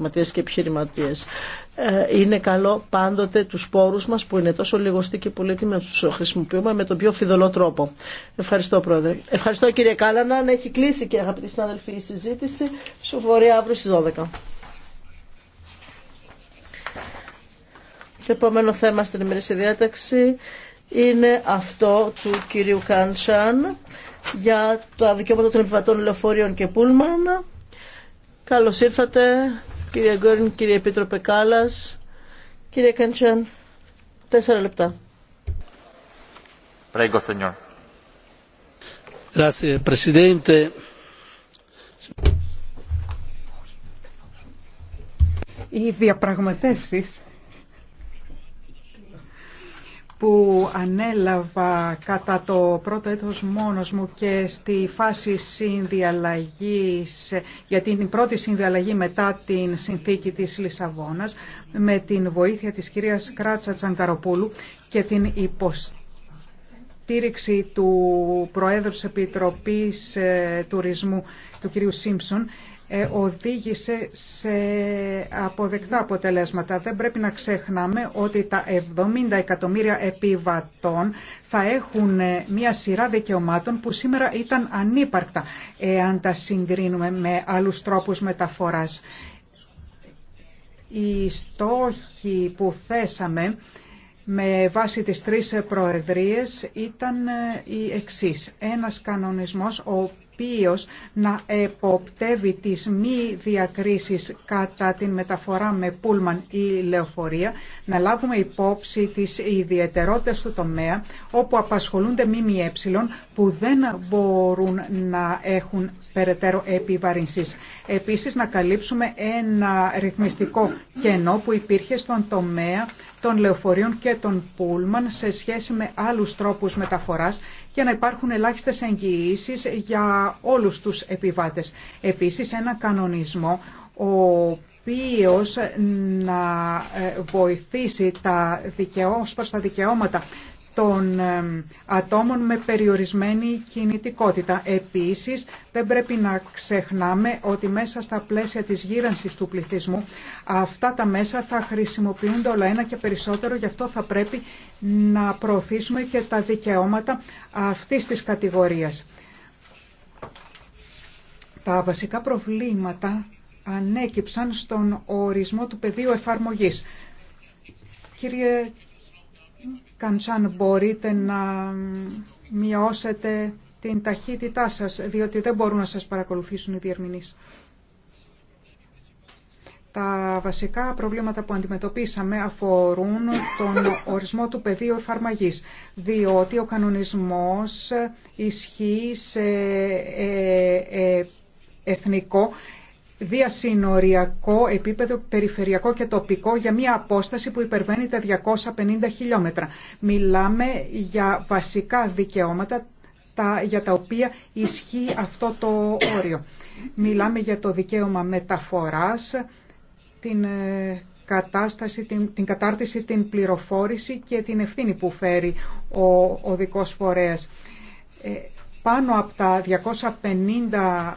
επαγγελματίες και επιχειρηματίες. Ε, είναι καλό πάντοτε τους πόρους μας που είναι τόσο λιγοστοί και πολύτιμοι να τους χρησιμοποιούμε με τον πιο φιδωλό τρόπο. Ευχαριστώ Πρόεδρε. Ευχαριστώ κύριε Κάλανα. Να έχει κλείσει και αγαπητοί συνάδελφοι η συζήτηση. Ψηφοφορία αύριο στι 12. Το επόμενο θέμα στην ημερήσια διάταξη είναι αυτό του κυρίου Κάντσαν για το δικαιώματα των επιβατών λεωφορείων και πούλμαν. Καλώς ήρθατε. Κύριε Γκόρν, κύριε Επίτροπε Κάλλας, κύριε Καντσάν, τέσσερα λεπτά. Οι διαπραγματεύσεις που ανέλαβα κατά το πρώτο έτος μόνος μου και στη φάση συνδιαλλαγής, για την πρώτη συνδιαλλαγή μετά την συνθήκη της Λισαβόνας, με την βοήθεια της κυρίας Κράτσα Τσανκαροπούλου και την υποστήριξη του Προέδρου της Επιτροπής ε, Τουρισμού, του κυρίου Σίμψον, ε, οδήγησε σε αποδεκτά αποτελέσματα. Δεν πρέπει να ξεχνάμε ότι τα 70 εκατομμύρια επιβατών θα έχουν ε, μια σειρά δικαιωμάτων που σήμερα ήταν ανύπαρκτα εάν τα συγκρίνουμε με άλλους τρόπους μεταφοράς. Οι στόχοι που θέσαμε με βάση τις τρεις προεδρίες ήταν ε, οι εξής. Ένας κανονισμός ο οποίος να εποπτεύει τις μη διακρίσεις κατά την μεταφορά με πούλμαν ή λεωφορεία, να λάβουμε υπόψη τις ιδιαιτερότητες του τομέα όπου απασχολούνται ΜΜΕ που δεν μπορούν να έχουν περαιτέρω επιβαρυνσεις. Επίσης να καλύψουμε ένα ρυθμιστικό κενό που υπήρχε στον τομέα των λεωφορείων και των πούλμαν σε σχέση με άλλους τρόπους μεταφοράς για να υπάρχουν ελάχιστες εγγυήσεις για όλους τους επιβάτες. Επίσης ένα κανονισμό ο οποίος να ε, βοηθήσει τα τα δικαιώματα των ατόμων με περιορισμένη κινητικότητα. Επίσης, δεν πρέπει να ξεχνάμε ότι μέσα στα πλαίσια της γύρανσης του πληθυσμού αυτά τα μέσα θα χρησιμοποιούνται όλα ένα και περισσότερο, γι' αυτό θα πρέπει να προωθήσουμε και τα δικαιώματα αυτής της κατηγορίας. Τα βασικά προβλήματα ανέκυψαν στον ορισμό του πεδίου εφαρμογής. Κύριε Καντσάν μπορείτε να μειώσετε την ταχύτητά σας, διότι δεν μπορούν να σας παρακολουθήσουν οι διερμηνείς. Τα βασικά προβλήματα που αντιμετωπίσαμε αφορούν τον ορισμό του πεδίου εφαρμογή, διότι ο κανονισμός ισχύει σε ε, ε, εθνικό διασυνοριακό επίπεδο, περιφερειακό και τοπικό για μια απόσταση που υπερβαίνει τα 250 χιλιόμετρα. Μιλάμε για βασικά δικαιώματα τα, για τα οποία ισχύει αυτό το όριο. Μιλάμε για το δικαίωμα μεταφοράς, την ε, κατάσταση, την, κατάρτιση, την πληροφόρηση και την ευθύνη που φέρει ο, ο δικός φορέας. Ε, πάνω από τα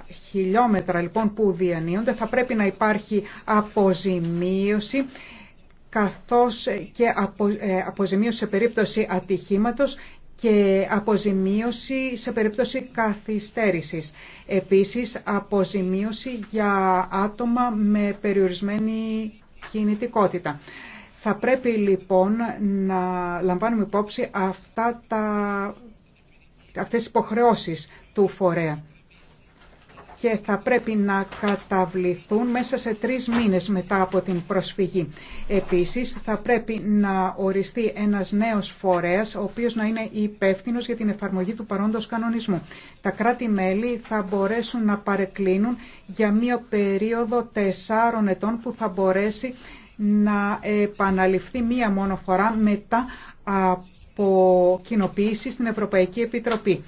250 χιλιόμετρα λοιπόν που διανύονται θα πρέπει να υπάρχει αποζημίωση καθώς και ε, αποζημίωση σε περίπτωση ατυχήματος και αποζημίωση σε περίπτωση καθυστέρησης. Επίσης, αποζημίωση για άτομα με περιορισμένη κινητικότητα. Θα πρέπει λοιπόν να λαμβάνουμε υπόψη αυτά τα αυτές τις υποχρεώσεις του φορέα και θα πρέπει να καταβληθούν μέσα σε τρεις μήνες μετά από την προσφυγή. Επίσης, θα πρέπει να οριστεί ένας νέος φορέας, ο οποίος να είναι υπεύθυνος για την εφαρμογή του παρόντος κανονισμού. Τα κράτη-μέλη θα μπορέσουν να παρεκκλίνουν για μία περίοδο τεσσάρων ετών που θα μπορέσει να επαναληφθεί μία μόνο φορά μετά από από κοινοποίηση στην Ευρωπαϊκή Επιτροπή.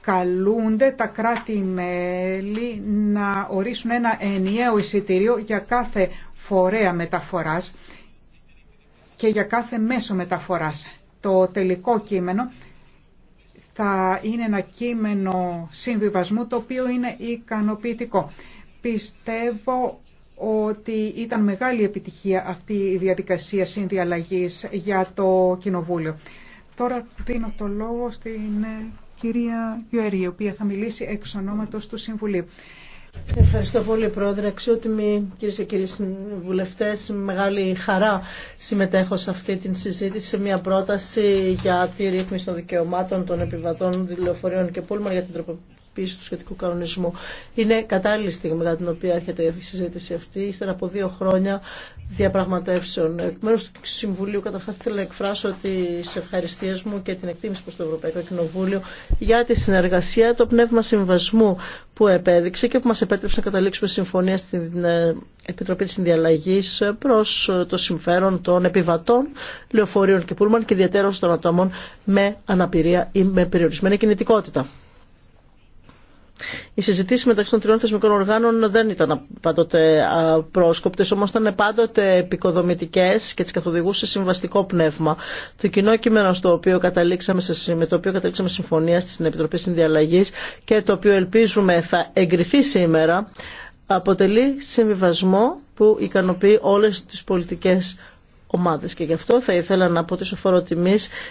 Καλούνται τα κράτη-μέλη να ορίσουν ένα ενιαίο εισιτήριο για κάθε φορέα μεταφοράς και για κάθε μέσο μεταφοράς. Το τελικό κείμενο θα είναι ένα κείμενο συμβιβασμού το οποίο είναι ικανοποιητικό. Πιστεύω ότι ήταν μεγάλη επιτυχία αυτή η διαδικασία συνδιαλλαγής για το Κοινοβούλιο. Τώρα δίνω το λόγο στην ε, κυρία Γιουερή, η οποία θα μιλήσει εξ ονόματος του Συμβουλίου. Ευχαριστώ πολύ, Πρόεδρε. Αξιότιμοι κυρίε και κύριοι βουλευτέ, μεγάλη χαρά συμμετέχω σε αυτή την συζήτηση σε μια πρόταση για τη ρύθμιση των δικαιωμάτων των επιβατών δηληφοριών και πούλμαν για την τροποποίηση του σχετικού κανονισμού. Είναι κατάλληλη στιγμή για την οποία έρχεται η συζήτηση αυτή, ύστερα από δύο χρόνια διαπραγματεύσεων. Εκ μέρου του Συμβουλίου, καταρχά, θέλω να εκφράσω τι ευχαριστίε μου και την εκτίμηση προ το Ευρωπαϊκό Κοινοβούλιο για τη συνεργασία, το πνεύμα συμβασμού που επέδειξε και που μα επέτρεψε να καταλήξουμε συμφωνία στην ε, Επιτροπή τη Συνδιαλλαγή προ ε, το συμφέρον των επιβατών, λεωφορείων και πούλμαν και ιδιαίτερω των ατόμων με αναπηρία ή με περιορισμένη κινητικότητα. Οι συζητήσει μεταξύ των τριών θεσμικών οργάνων δεν ήταν πάντοτε πρόσκοπτε, όμω ήταν πάντοτε επικοδομητικέ και τι καθοδηγούσε συμβαστικό πνεύμα. Το κοινό κείμενο στο οποίο καταλήξαμε με το οποίο καταλήξαμε συμφωνία στην Επιτροπή Συνδιαλλαγή και το οποίο ελπίζουμε θα εγκριθεί σήμερα αποτελεί συμβιβασμό που ικανοποιεί όλε τι πολιτικέ ομάδες. Και γι' αυτό θα ήθελα να πω τη σοφόρο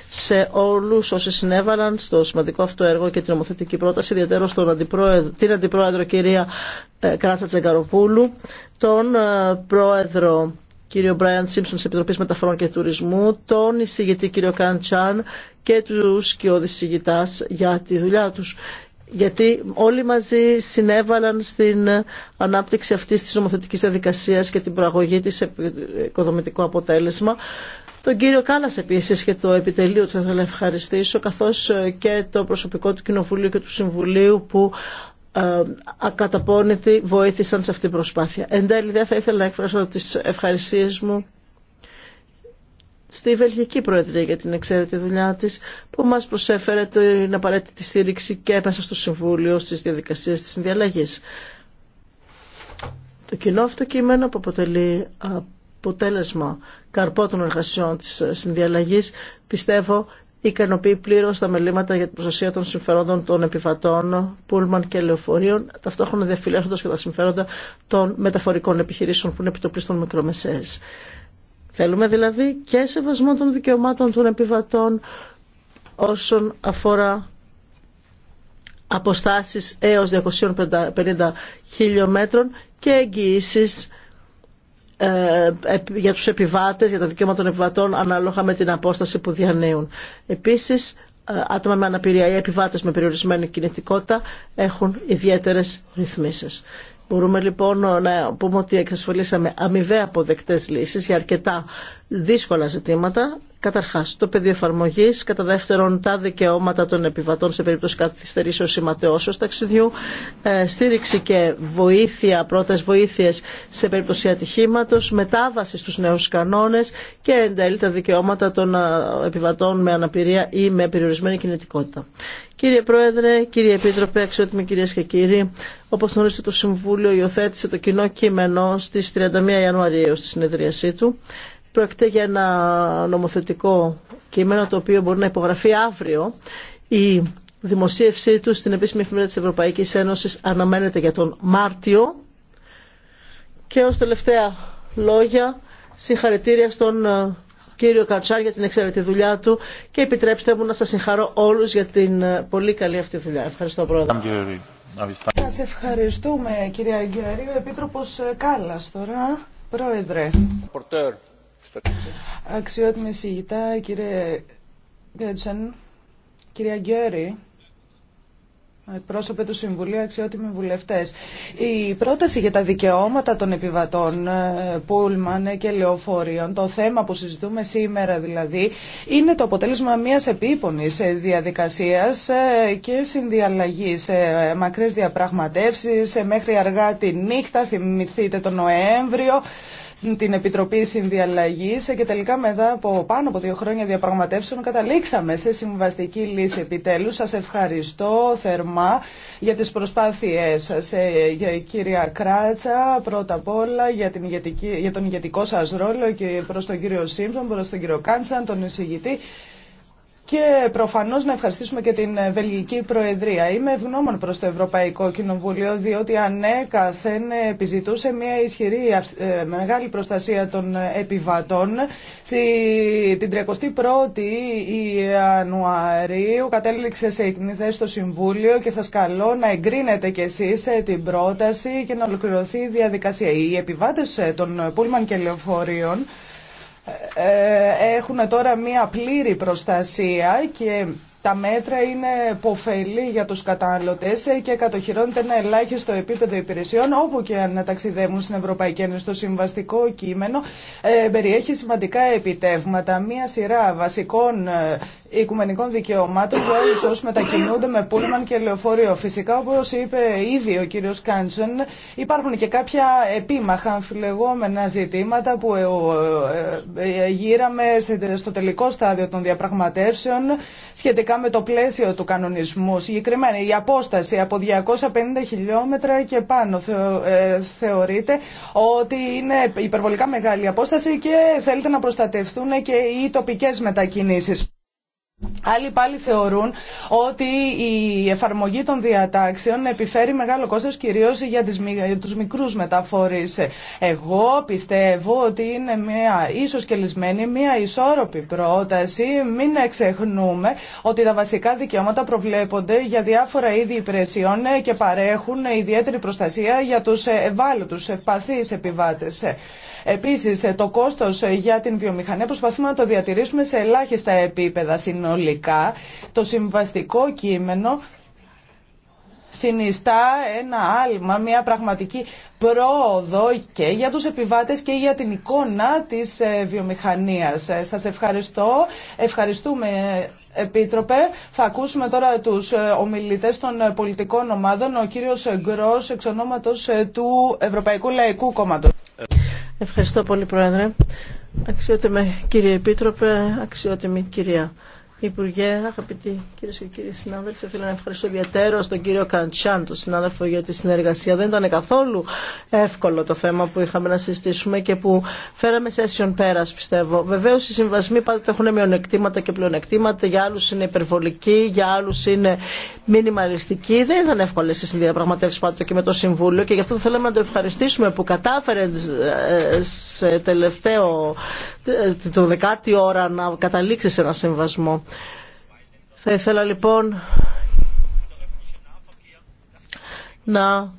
σε όλους όσοι συνέβαλαν στο σημαντικό αυτό έργο και την ομοθετική πρόταση, ιδιαίτερα στον αντιπρόεδρο, την αντιπρόεδρο κυρία ε, Κράτσα Τζεγκαροπούλου, τον ε, πρόεδρο κύριο Μπράιαν Σίμψον τη Επιτροπή Μεταφορών και Τουρισμού, τον εισηγητή κύριο Καντσάν και του κοιόδη εισηγητά για τη δουλειά του γιατί όλοι μαζί συνέβαλαν στην ανάπτυξη αυτής της νομοθετικής διαδικασίας και την προαγωγή της σε οικοδομητικό αποτέλεσμα. Τον κύριο Κάλλας επίσης και το επιτελείο του θα ευχαριστήσω καθώς ε, και το προσωπικό του Κοινοβουλίου και του Συμβουλίου που ε, ακαταπώνητοι βοήθησαν σε αυτή την προσπάθεια. Εν τέλει θα ήθελα να εκφράσω τις ευχαρισίες μου στη Βελγική Προεδρία για την εξαίρετη δουλειά τη που μα προσέφερε την απαραίτητη στήριξη και μέσα στο Συμβούλιο στις διαδικασίες τη συνδιαλλαγή. Το κοινό αυτό κείμενο που αποτελεί αποτέλεσμα καρπό των εργασιών της συνδιαλλαγής πιστεύω ικανοποιεί πλήρω τα μελήματα για την προστασία των συμφερόντων των επιβατών, πούλμαν και λεωφορείων, ταυτόχρονα διαφυλάσσοντα και τα συμφέροντα των μεταφορικών επιχειρήσεων που είναι επιτοπλίστων μικρομεσαίε. Θέλουμε δηλαδή και σεβασμό των δικαιωμάτων των επιβατών όσον αφορά αποστάσεις έως 250 χιλιόμετρων και εγγυήσεις ε, για τους επιβάτες, για τα δικαιώματα των επιβατών ανάλογα με την απόσταση που διανέουν. Επίσης, ε, άτομα με αναπηρία ή επιβάτες με περιορισμένη κινητικότητα έχουν ιδιαίτερες ρυθμίσεις. Μπορούμε λοιπόν να πούμε ότι εξασφαλίσαμε αμοιβαία αποδεκτέ λύσεις για αρκετά δύσκολα ζητήματα. Καταρχάς, το πεδίο εφαρμογή, κατά δεύτερον, τα δικαιώματα των επιβατών σε περίπτωση καθυστερήσεω ή ματαιώσεω ταξιδιού, ε, στήριξη και βοήθεια, πρώτε βοήθειε σε περίπτωση ατυχήματο, μετάβαση στου νέου κανόνε και εν τέλει τα δικαιώματα των ε, επιβατών με αναπηρία ή με περιορισμένη κινητικότητα. Κύριε Πρόεδρε, κύριε Επίτροπε, αξιότιμοι κυρίε και κύριοι, όπω γνωρίζετε, το Συμβούλιο υιοθέτησε το κοινό κείμενο στι 31 Ιανουαρίου στη συνεδρίασή του. Πρόκειται για ένα νομοθετικό κείμενο το οποίο μπορεί να υπογραφεί αύριο. Η δημοσίευσή του στην επίσημη εφημερίδα της Ευρωπαϊκής Ένωσης αναμένεται για τον Μάρτιο. Και ως τελευταία λόγια, συγχαρητήρια στον ε, κύριο Κατσάρ για την εξαιρετική δουλειά του και επιτρέψτε μου να σας συγχαρώ όλους για την ε, πολύ καλή αυτή δουλειά. Ευχαριστώ πρόεδρε. Σας ευχαριστούμε κύριε Αγγιαρή. Ο Επίτροπος ε, Κάλλας τώρα, πρόεδρε. Αξιότιμη συγητά, κύριε Γκέτσεν, κυρία Γκέρι, Πρόσωπε του Συμβουλίου, αξιότιμοι βουλευτές, Η πρόταση για τα δικαιώματα των επιβατών ε, Πούλμαν και λεωφορείων, το θέμα που συζητούμε σήμερα δηλαδή, είναι το αποτέλεσμα μιας επίπονης ε, διαδικασίας ε, και συνδιαλλαγής μακρές διαπραγματεύσεις μέχρι αργά τη νύχτα, θυμηθείτε τον Νοέμβριο την Επιτροπή συνδιαλλαγή και τελικά μετά από πάνω από δύο χρόνια διαπραγματεύσεων καταλήξαμε σε συμβαστική λύση επιτέλους. Σας ευχαριστώ θερμά για τις προσπάθειές σας ε, κυρία Κράτσα πρώτα απ' όλα για, την για τον ηγετικό σας ρόλο και προς τον κύριο Σίμψον, προς τον κύριο Κάντσαν, τον εισηγητή και προφανώ να ευχαριστήσουμε και την ε, Βελγική Προεδρία. Είμαι ευγνώμων προ το Ευρωπαϊκό Κοινοβούλιο, διότι ανέκαθεν επιζητούσε μια ισχυρή ε, μεγάλη προστασία των επιβατών. Στη, την 31η Ιανουαρίου κατέληξε σε εκνηθέ στο Συμβούλιο και σα καλώ να εγκρίνετε κι εσεί ε, την πρόταση και να ολοκληρωθεί η διαδικασία. Οι επιβάτε των Πούλμαν και Λεωφορείων ε, ε, έχουν τώρα μία πλήρη προστασία και τα μέτρα είναι ποφελή για τους καταναλωτές και κατοχυρώνεται ένα ελάχιστο επίπεδο υπηρεσιών όπου και αν ταξιδεύουν στην Ευρωπαϊκή Ένωση. Το συμβαστικό κείμενο ε, περιέχει σημαντικά επιτεύγματα, μία σειρά βασικών ε, οικουμενικών δικαιωμάτων για όλους όσους μετακινούνται με πούλμαν και λεωφορείο. Φυσικά, όπως είπε ήδη ο κύριος Κάντσον, υπάρχουν και κάποια επίμαχα αμφιλεγόμενα ζητήματα που ε, γύραμε στο τελικό στάδιο των διαπραγματεύσεων σχετικά σχετικά με το πλαίσιο του κανονισμού. Συγκεκριμένα η απόσταση από 250 χιλιόμετρα και πάνω ε, θεωρείται ότι είναι υπερβολικά μεγάλη απόσταση και θέλετε να προστατευτούν και οι τοπικές μετακινήσεις. Άλλοι πάλι θεωρούν ότι η εφαρμογή των διατάξεων επιφέρει μεγάλο κόστος κυρίως για τους μικρούς μεταφορείς. Εγώ πιστεύω ότι είναι μια ίσως κελισμένη, μια ισόρροπη πρόταση. Μην ξεχνούμε ότι τα βασικά δικαιώματα προβλέπονται για διάφορα είδη υπηρεσιών και παρέχουν ιδιαίτερη προστασία για τους ευάλωτους ευπαθείς επιβάτες. Επίσης, ε, το κόστος ε, για την βιομηχανία προσπαθούμε να το διατηρήσουμε σε ελάχιστα επίπεδα συνολικά. Το συμβαστικό κείμενο συνιστά ένα άλμα, μια πραγματική πρόοδο και για τους επιβάτες και για την εικόνα της ε, βιομηχανίας. Σας ευχαριστώ. Ευχαριστούμε, Επίτροπε. Θα ακούσουμε τώρα τους ομιλητές των πολιτικών ομάδων. Ο κύριος Γκρός, εξ του Ευρωπαϊκού Λαϊκού Κόμματος. Ευχαριστώ πολύ, Πρόεδρε. Αξιότιμε κύριε Επίτροπε, αξιότιμη κυρία Υπουργέ, αγαπητοί κυρίε και κύριοι συνάδελφοι, θέλω να ευχαριστώ ιδιαίτερα στον κύριο Καντσάν, τον συνάδελφο, για τη συνεργασία. Δεν ήταν καθόλου εύκολο το θέμα που είχαμε να συζητήσουμε και που φέραμε σε αίσιον πέρα, πιστεύω. Βεβαίω, οι συμβασμοί πάντοτε έχουν μειονεκτήματα και πλεονεκτήματα. Για άλλου είναι υπερβολικοί, για άλλου είναι μινιμαλιστικοί. Δεν ήταν εύκολε οι συνδιαπραγματεύσει πάντοτε και με το Συμβούλιο και γι' αυτό θέλαμε να το ευχαριστήσουμε που κατάφερε ε, σε τελευταίο, ε, το δεκάτη ώρα να καταλήξει σε ένα συμβασμό. Θα ήθελα λοιπόν να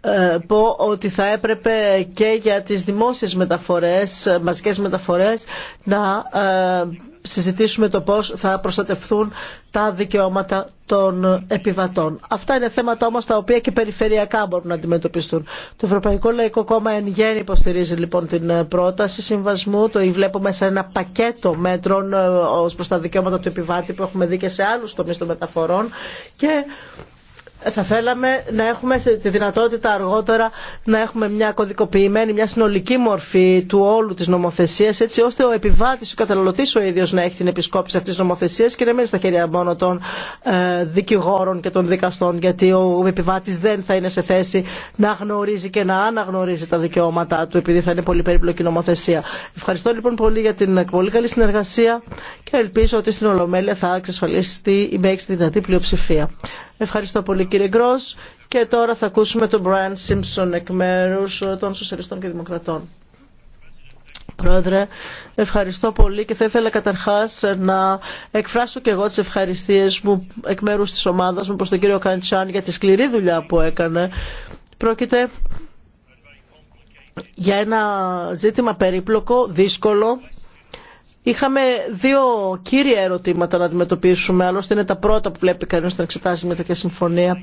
ε, πω ότι θα έπρεπε και για τις δημόσιες μεταφορές, μαζικές μεταφορές να ε, συζητήσουμε το πώς θα προστατευθούν τα δικαιώματα των επιβατών. Αυτά είναι θέματα όμως τα οποία και περιφερειακά μπορούν να αντιμετωπιστούν. Το Ευρωπαϊκό Λαϊκό Κόμμα εν γέννη υποστηρίζει λοιπόν την ε, πρόταση συμβασμού. Το βλέπουμε σε ένα πακέτο μέτρων ε, ως προς τα δικαιώματα του επιβάτη που έχουμε δει και σε άλλους τομείς των μεταφορών. Και θα θέλαμε να έχουμε τη δυνατότητα αργότερα να έχουμε μια κωδικοποιημένη, μια συνολική μορφή του όλου της νομοθεσίας έτσι ώστε ο επιβάτης, ο καταναλωτής ο ίδιος να έχει την επισκόπηση αυτής της νομοθεσίας και να μένει στα χέρια μόνο των ε, δικηγόρων και των δικαστών γιατί ο επιβάτης δεν θα είναι σε θέση να γνωρίζει και να αναγνωρίζει τα δικαιώματά του επειδή θα είναι πολύ περίπλοκη νομοθεσία. Ευχαριστώ λοιπόν πολύ για την πολύ καλή συνεργασία και ελπίζω ότι στην Ολομέλεια θα εξασφαλιστεί η μέγιστη δυνατή πλειοψηφία. Ευχαριστώ πολύ κύριε Γκρός και τώρα θα ακούσουμε τον Brian Simpson εκ μέρου ε, των Σοσιαλιστών και Δημοκρατών. Πρόεδρε, ευχαριστώ πολύ και θα ήθελα καταρχάς ε, να εκφράσω και εγώ τις ευχαριστίες μου εκ μέρου της ομάδας μου προς τον κύριο Καντσάν για τη σκληρή δουλειά που έκανε. Πρόκειται για ένα ζήτημα περίπλοκο, δύσκολο, Είχαμε δύο κύρια ερωτήματα να αντιμετωπίσουμε, άλλωστε είναι τα πρώτα που βλέπει κανείς να εξετάζει με τέτοια συμφωνία.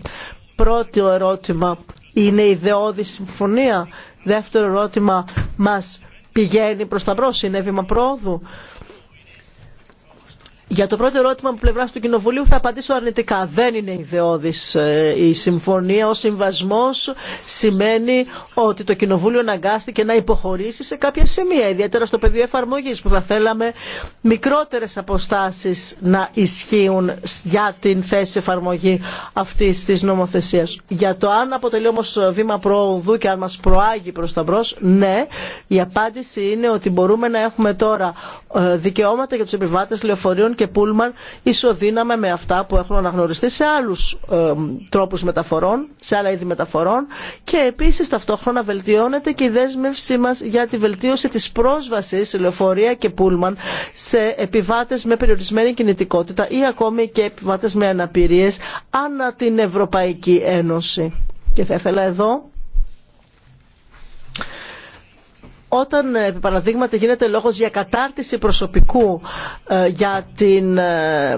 Πρώτο ερώτημα, είναι ιδεώδη συμφωνία. Δεύτερο ερώτημα, μας πηγαίνει προς τα μπρος, είναι βήμα πρόοδου. Για το πρώτο ερώτημα από πλευρά του Κοινοβουλίου θα απαντήσω αρνητικά. Δεν είναι ιδεώδη ε, η συμφωνία. Ο συμβασμό σημαίνει ότι το Κοινοβούλιο αναγκάστηκε να υποχωρήσει σε κάποια σημεία, ιδιαίτερα στο πεδίο εφαρμογή, που θα θέλαμε μικρότερε αποστάσει να ισχύουν για την θέση εφαρμογή αυτή τη νομοθεσία. Για το αν αποτελεί όμω βήμα προοδού και αν μα προάγει προ τα μπρο, ναι, η απάντηση είναι ότι μπορούμε να έχουμε τώρα ε, δικαιώματα για του επιβάτε λεωφορείων και πούλμαν ισοδύναμα με αυτά που έχουν αναγνωριστεί σε άλλους ε, τρόπους μεταφορών, σε άλλα είδη μεταφορών και επίσης ταυτόχρονα βελτιώνεται και η δέσμευσή μας για τη βελτίωση της πρόσβασης σε λεωφορεία και πούλμαν σε επιβάτες με περιορισμένη κινητικότητα ή ακόμη και επιβάτες με αναπηρίες ανά την Ευρωπαϊκή Ένωση. Και θα ήθελα εδώ όταν ε, επί παραδείγματα γίνεται λόγος για κατάρτιση προσωπικού ε, για την ε,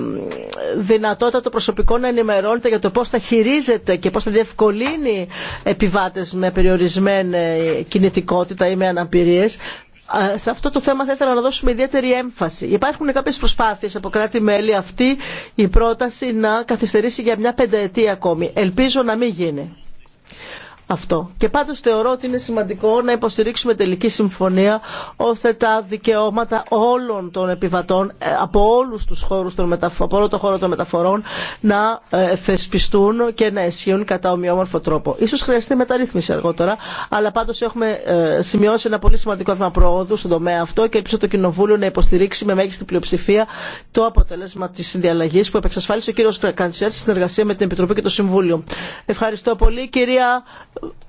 δυνατότητα το προσωπικό να ενημερώνεται για το πώς θα χειρίζεται και πώς θα διευκολύνει επιβάτες με περιορισμένη κινητικότητα ή με αναπηρίες σε αυτό το θέμα θα ήθελα να δώσουμε ιδιαίτερη έμφαση. Υπάρχουν κάποιες προσπάθειες από κράτη-μέλη αυτή η πρόταση να καθυστερήσει για μια πενταετία ακόμη. Ελπίζω να μην γίνει αυτό. Και πάντως θεωρώ ότι είναι σημαντικό να υποστηρίξουμε τελική συμφωνία ώστε τα δικαιώματα όλων των επιβατών ε, από όλους τους χώρους των από όλο το χώρο των μεταφορών να ε, θεσπιστούν και να ισχύουν κατά ομοιόμορφο τρόπο. Ίσως χρειαστεί μεταρρύθμιση αργότερα, αλλά πάντως έχουμε ε, σημειώσει ένα πολύ σημαντικό βήμα προόδου στον τομέα αυτό και ελπίζω το Κοινοβούλιο να υποστηρίξει με μέγιστη πλειοψηφία το αποτέλεσμα της συνδιαλλαγής που επεξασφάλισε ο κ στη συνεργασία με την Επιτροπή και το Συμβούλιο. Ευχαριστώ πολύ κυρία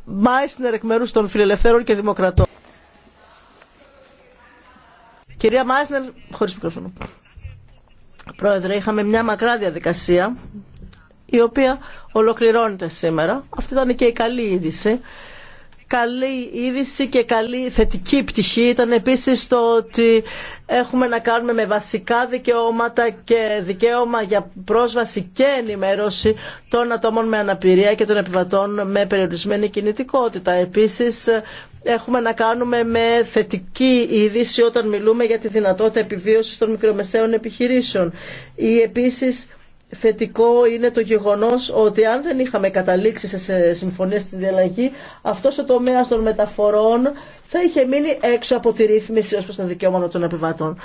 Μάισνερ εκ μέρου των Φιλελευθέρων και Δημοκρατών. Κυρία Μάισνερ, χωρίς μικρόφωνο. Πρόεδρε, είχαμε μια μακρά διαδικασία η οποία ολοκληρώνεται σήμερα. Αυτή ήταν και η καλή είδηση. Καλή είδηση και καλή θετική πτυχή ήταν επίσης το ότι έχουμε να κάνουμε με βασικά δικαιώματα και δικαίωμα για πρόσβαση και ενημέρωση των ατόμων με αναπηρία και των επιβατών με περιορισμένη κινητικότητα. Επίσης έχουμε να κάνουμε με θετική είδηση όταν μιλούμε για τη δυνατότητα επιβίωσης των μικρομεσαίων επιχειρήσεων. Ή επίσης θετικό είναι το γεγονός ότι αν δεν είχαμε καταλήξει σε συμφωνίες στην διαλλαγή, αυτός ο τομέας των μεταφορών θα είχε μείνει έξω από τη ρύθμιση ως προς τα δικαιώματα των επιβατών.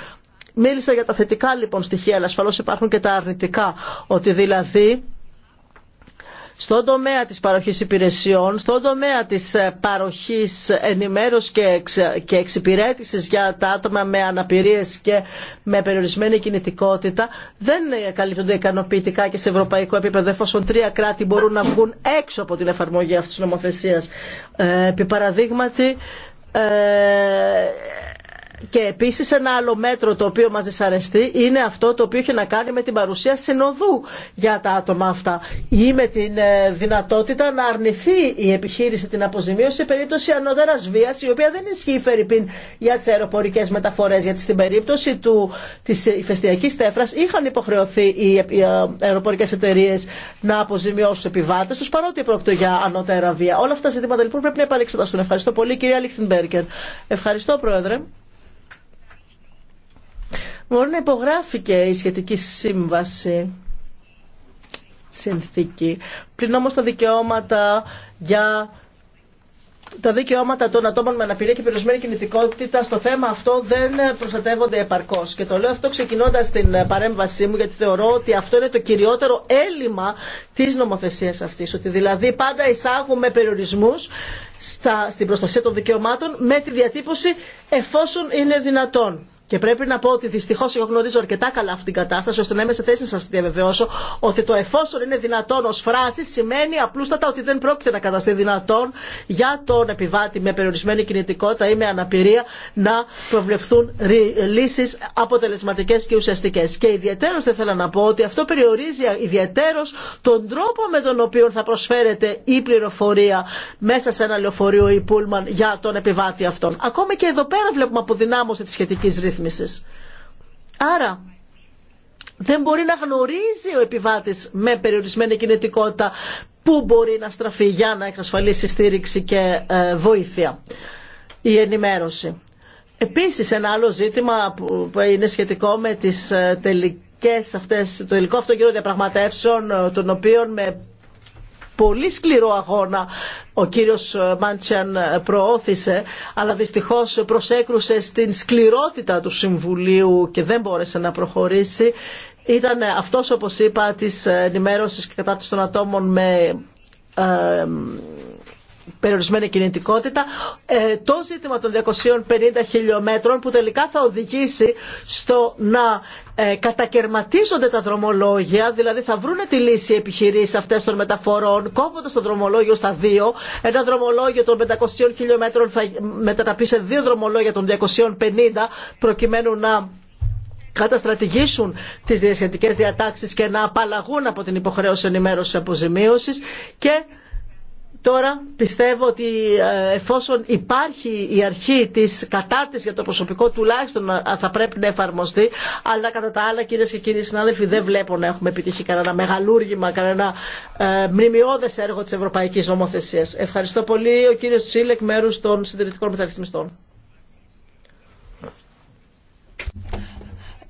Μίλησα για τα θετικά λοιπόν στοιχεία, αλλά ασφαλώς υπάρχουν και τα αρνητικά, ότι δηλαδή στον τομέα της παροχής υπηρεσιών, στον τομέα της ε, παροχής ενημέρωσης και εξυπηρέτησης για τα άτομα με αναπηρίες και με περιορισμένη κινητικότητα δεν ε, καλύπτονται ικανοποιητικά και σε ευρωπαϊκό επίπεδο εφόσον τρία κράτη μπορούν να βγουν έξω από την εφαρμογή αυτής της νομοθεσίας. Ε, επί παραδείγματι, και επίση ένα άλλο μέτρο το οποίο μα δυσαρεστεί είναι αυτό το οποίο έχει να κάνει με την παρουσία συνοδού για τα άτομα αυτά ή με την ε, δυνατότητα να αρνηθεί η επιχείρηση την αποζημίωση σε περίπτωση ανωτέρα βία, η οποία δεν ισχύει φερρυπίν για τι αεροπορικέ μεταφορέ γιατί στην περίπτωση του, της τέφρα είχαν υποχρεωθεί οι ε, ε, αεροπορικέ εταιρείε να αποζημιώσουν τους επιβάτες τους παρότι πρόκειται για ανώτερα βία. Όλα αυτά τα ζητήματα λοιπόν πρέπει να επανεξεταστούν. Ευχαριστώ πολύ κυρία Λιχτινμπέργκερ. Ευχαριστώ πρόεδρε. Μπορεί να και η σχετική σύμβαση συνθήκη. Πλην όμως τα δικαιώματα για τα δικαιώματα των ατόμων με αναπηρία και περιορισμένη κινητικότητα στο θέμα αυτό δεν προστατεύονται επαρκώ. Και το λέω αυτό ξεκινώντα την παρέμβασή μου, γιατί θεωρώ ότι αυτό είναι το κυριότερο έλλειμμα τη νομοθεσία αυτή. Ότι δηλαδή πάντα εισάγουμε περιορισμού στην προστασία των δικαιωμάτων με τη διατύπωση εφόσον είναι δυνατόν. Και πρέπει να πω ότι δυστυχώ εγώ γνωρίζω αρκετά καλά αυτή την κατάσταση, ώστε να είμαι σε θέση να σα διαβεβαιώσω ότι το εφόσον είναι δυνατόν ω φράση σημαίνει απλούστατα ότι δεν πρόκειται να καταστεί δυνατόν για τον επιβάτη με περιορισμένη κινητικότητα ή με αναπηρία να προβλεφθούν λύσει αποτελεσματικέ και ουσιαστικέ. Και ιδιαίτερω θα ήθελα να πω ότι αυτό περιορίζει ιδιαίτερω τον τρόπο με τον οποίο θα προσφέρεται η πληροφορία μέσα σε ένα λεωφορείο ή πούλμαν για τον επιβάτη αυτόν. Ακόμα και εδώ πέρα βλέπουμε αποδυνάμωση τη σχετική ρύθμιση Άρα δεν μπορεί να γνωρίζει ο επιβάτης με περιορισμένη κινητικότητα πού μπορεί να στραφεί για να εξασφαλίσει στήριξη και ε, βοήθεια η ενημέρωση. Επίσης ένα άλλο ζήτημα που είναι σχετικό με τις ε, τελικές αυτές, το υλικό αυτό γύρω διαπραγματεύσεων ε, των οποίων με πολύ σκληρό αγώνα ο κύριος ε, Μάντσιαν ε, προώθησε, αλλά δυστυχώς προσέκρουσε στην σκληρότητα του Συμβουλίου και δεν μπόρεσε να προχωρήσει. Ήταν αυτός, όπως είπα, της ενημέρωσης και κατάρτισης των ατόμων με ε, περιορισμένη κινητικότητα, ε, το ζήτημα των 250 χιλιόμετρων που τελικά θα οδηγήσει στο να ε, κατακαιρματίζονται τα δρομολόγια, δηλαδή θα βρουν τη λύση οι επιχειρήσει αυτέ των μεταφορών, κόβοντα το δρομολόγιο στα δύο. Ένα δρομολόγιο των 500 χιλιόμετρων θα μετατραπεί σε δύο δρομολόγια των 250, προκειμένου να καταστρατηγήσουν τις διασχετικές διατάξεις και να απαλλαγούν από την υποχρέωση ενημέρωσης αποζημίωσης και Τώρα πιστεύω ότι ε, εφόσον υπάρχει η αρχή της κατάρτισης για το προσωπικό τουλάχιστον ε, θα πρέπει να εφαρμοστεί, αλλά κατά τα άλλα κυρίες και κύριοι συνάδελφοι δεν βλέπω να έχουμε επιτύχει κανένα μεγαλούργημα, κανένα ε, έργο της Ευρωπαϊκής Νομοθεσίας. Ευχαριστώ πολύ ο κύριος Τσίλεκ μέρους των συντηρητικών μεταρρυθμιστών.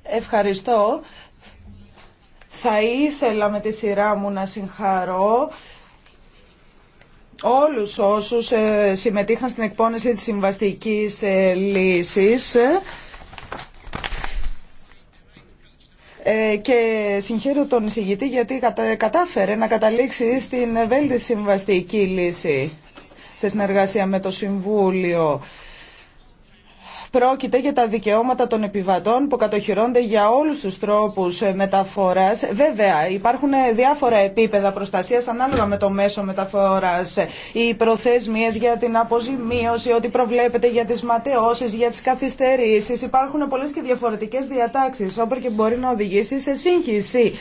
Ευχαριστώ. Θα ήθελα με τη σειρά μου να συγχαρώ όλους όσους ε, συμμετείχαν στην εκπόνηση της συμβαστικής ε, λύσης ε. και συγχαίρω τον εισηγητή γιατί κατάφερε να καταλήξει στην βέλτιστη συμβαστική λύση σε συνεργασία με το Συμβούλιο. Πρόκειται για τα δικαιώματα των επιβατών που κατοχυρώνται για όλους τους τρόπους μεταφοράς. Βέβαια, υπάρχουν διάφορα επίπεδα προστασίας ανάλογα με το μέσο μεταφοράς. Οι προθεσμίες για την αποζημίωση, ό,τι προβλέπεται για τις ματαιώσεις, για τις καθυστερήσεις. Υπάρχουν πολλές και διαφορετικές διατάξεις, όπου και μπορεί να οδηγήσει σε σύγχυση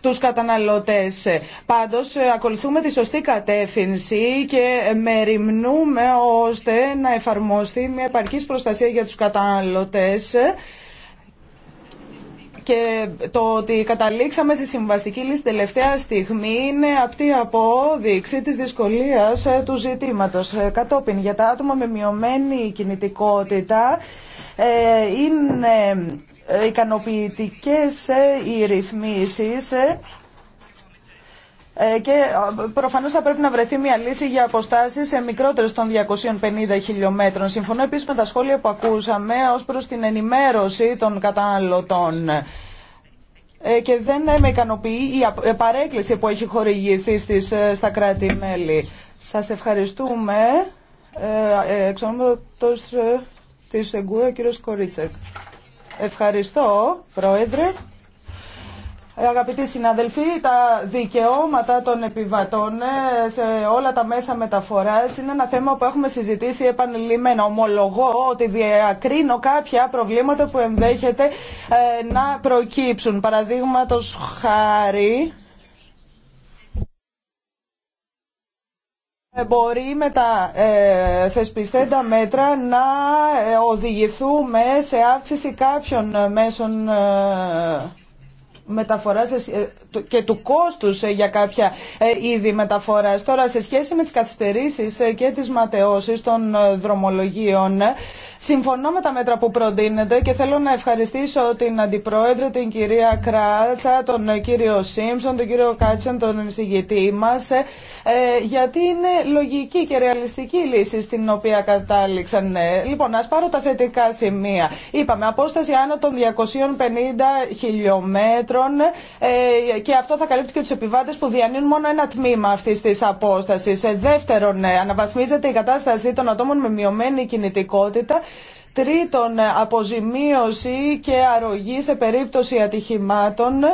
τους καταναλωτές. Πάντως, ακολουθούμε τη σωστή κατεύθυνση και μεριμνούμε ώστε να εφαρμοστεί μια επαρκής προστασία για τους καταναλωτές και το ότι καταλήξαμε στη συμβαστική λύση τελευταία στιγμή είναι αυτή απόδειξη της δυσκολίας ε, του ζητήματος. Ε, κατόπιν για τα άτομα με μειωμένη κινητικότητα ε, είναι ικανοποιητικές οι ρυθμίσεις ε, και ε, προφανώς θα πρέπει να βρεθεί μια λύση για αποστάσεις σε μικρότερες των 250 χιλιόμετρων. Συμφωνώ επίσης με τα σχόλια που ακούσαμε ως προς την ενημέρωση των καταναλωτών ε, και δεν με ικανοποιεί η παρέκκληση που έχει χορηγηθεί στις, στα κράτη-μέλη. Σας ευχαριστούμε. της κύριος Ευχαριστώ, Πρόεδρε. Ε, αγαπητοί συναδελφοί, τα δικαιώματα των επιβατών ε, σε όλα τα μέσα μεταφοράς είναι ένα θέμα που έχουμε συζητήσει επανειλημμένα. Ομολογώ ότι διακρίνω κάποια προβλήματα που ενδέχεται ε, να προκύψουν. Παραδείγματος χάρη... μπορεί με τα θεσπιστέντα μέτρα να οδηγηθούμε σε αύξηση κάποιων μέσων μεταφοράς ε, και του κόστους ε, για κάποια ε, είδη μεταφοράς. Τώρα, σε σχέση με τις καθυστερήσεις και τις ματαιώσεις των δρομολογίων, Συμφωνώ με τα μέτρα που προτείνετε και θέλω να ευχαριστήσω την Αντιπρόεδρο, την κυρία Κράτσα, τον κύριο Σίμψον, τον κύριο Κάτσεν, τον εισηγητή μας, ε, ε, γιατί είναι λογική και ρεαλιστική η λύση στην οποία κατάληξαν. Ε, λοιπόν, ας πάρω τα θετικά σημεία. Είπαμε, απόσταση άνω των 250 χιλιόμετρων και αυτό θα καλύπτει και τους επιβάτες που διανύουν μόνο ένα τμήμα αυτής της απόστασης. δεύτερον, αναβαθμίζεται η κατάσταση των ατόμων με μειωμένη κινητικότητα Τρίτον, ε, αποζημίωση και αρρωγή σε περίπτωση ατυχημάτων. Ε,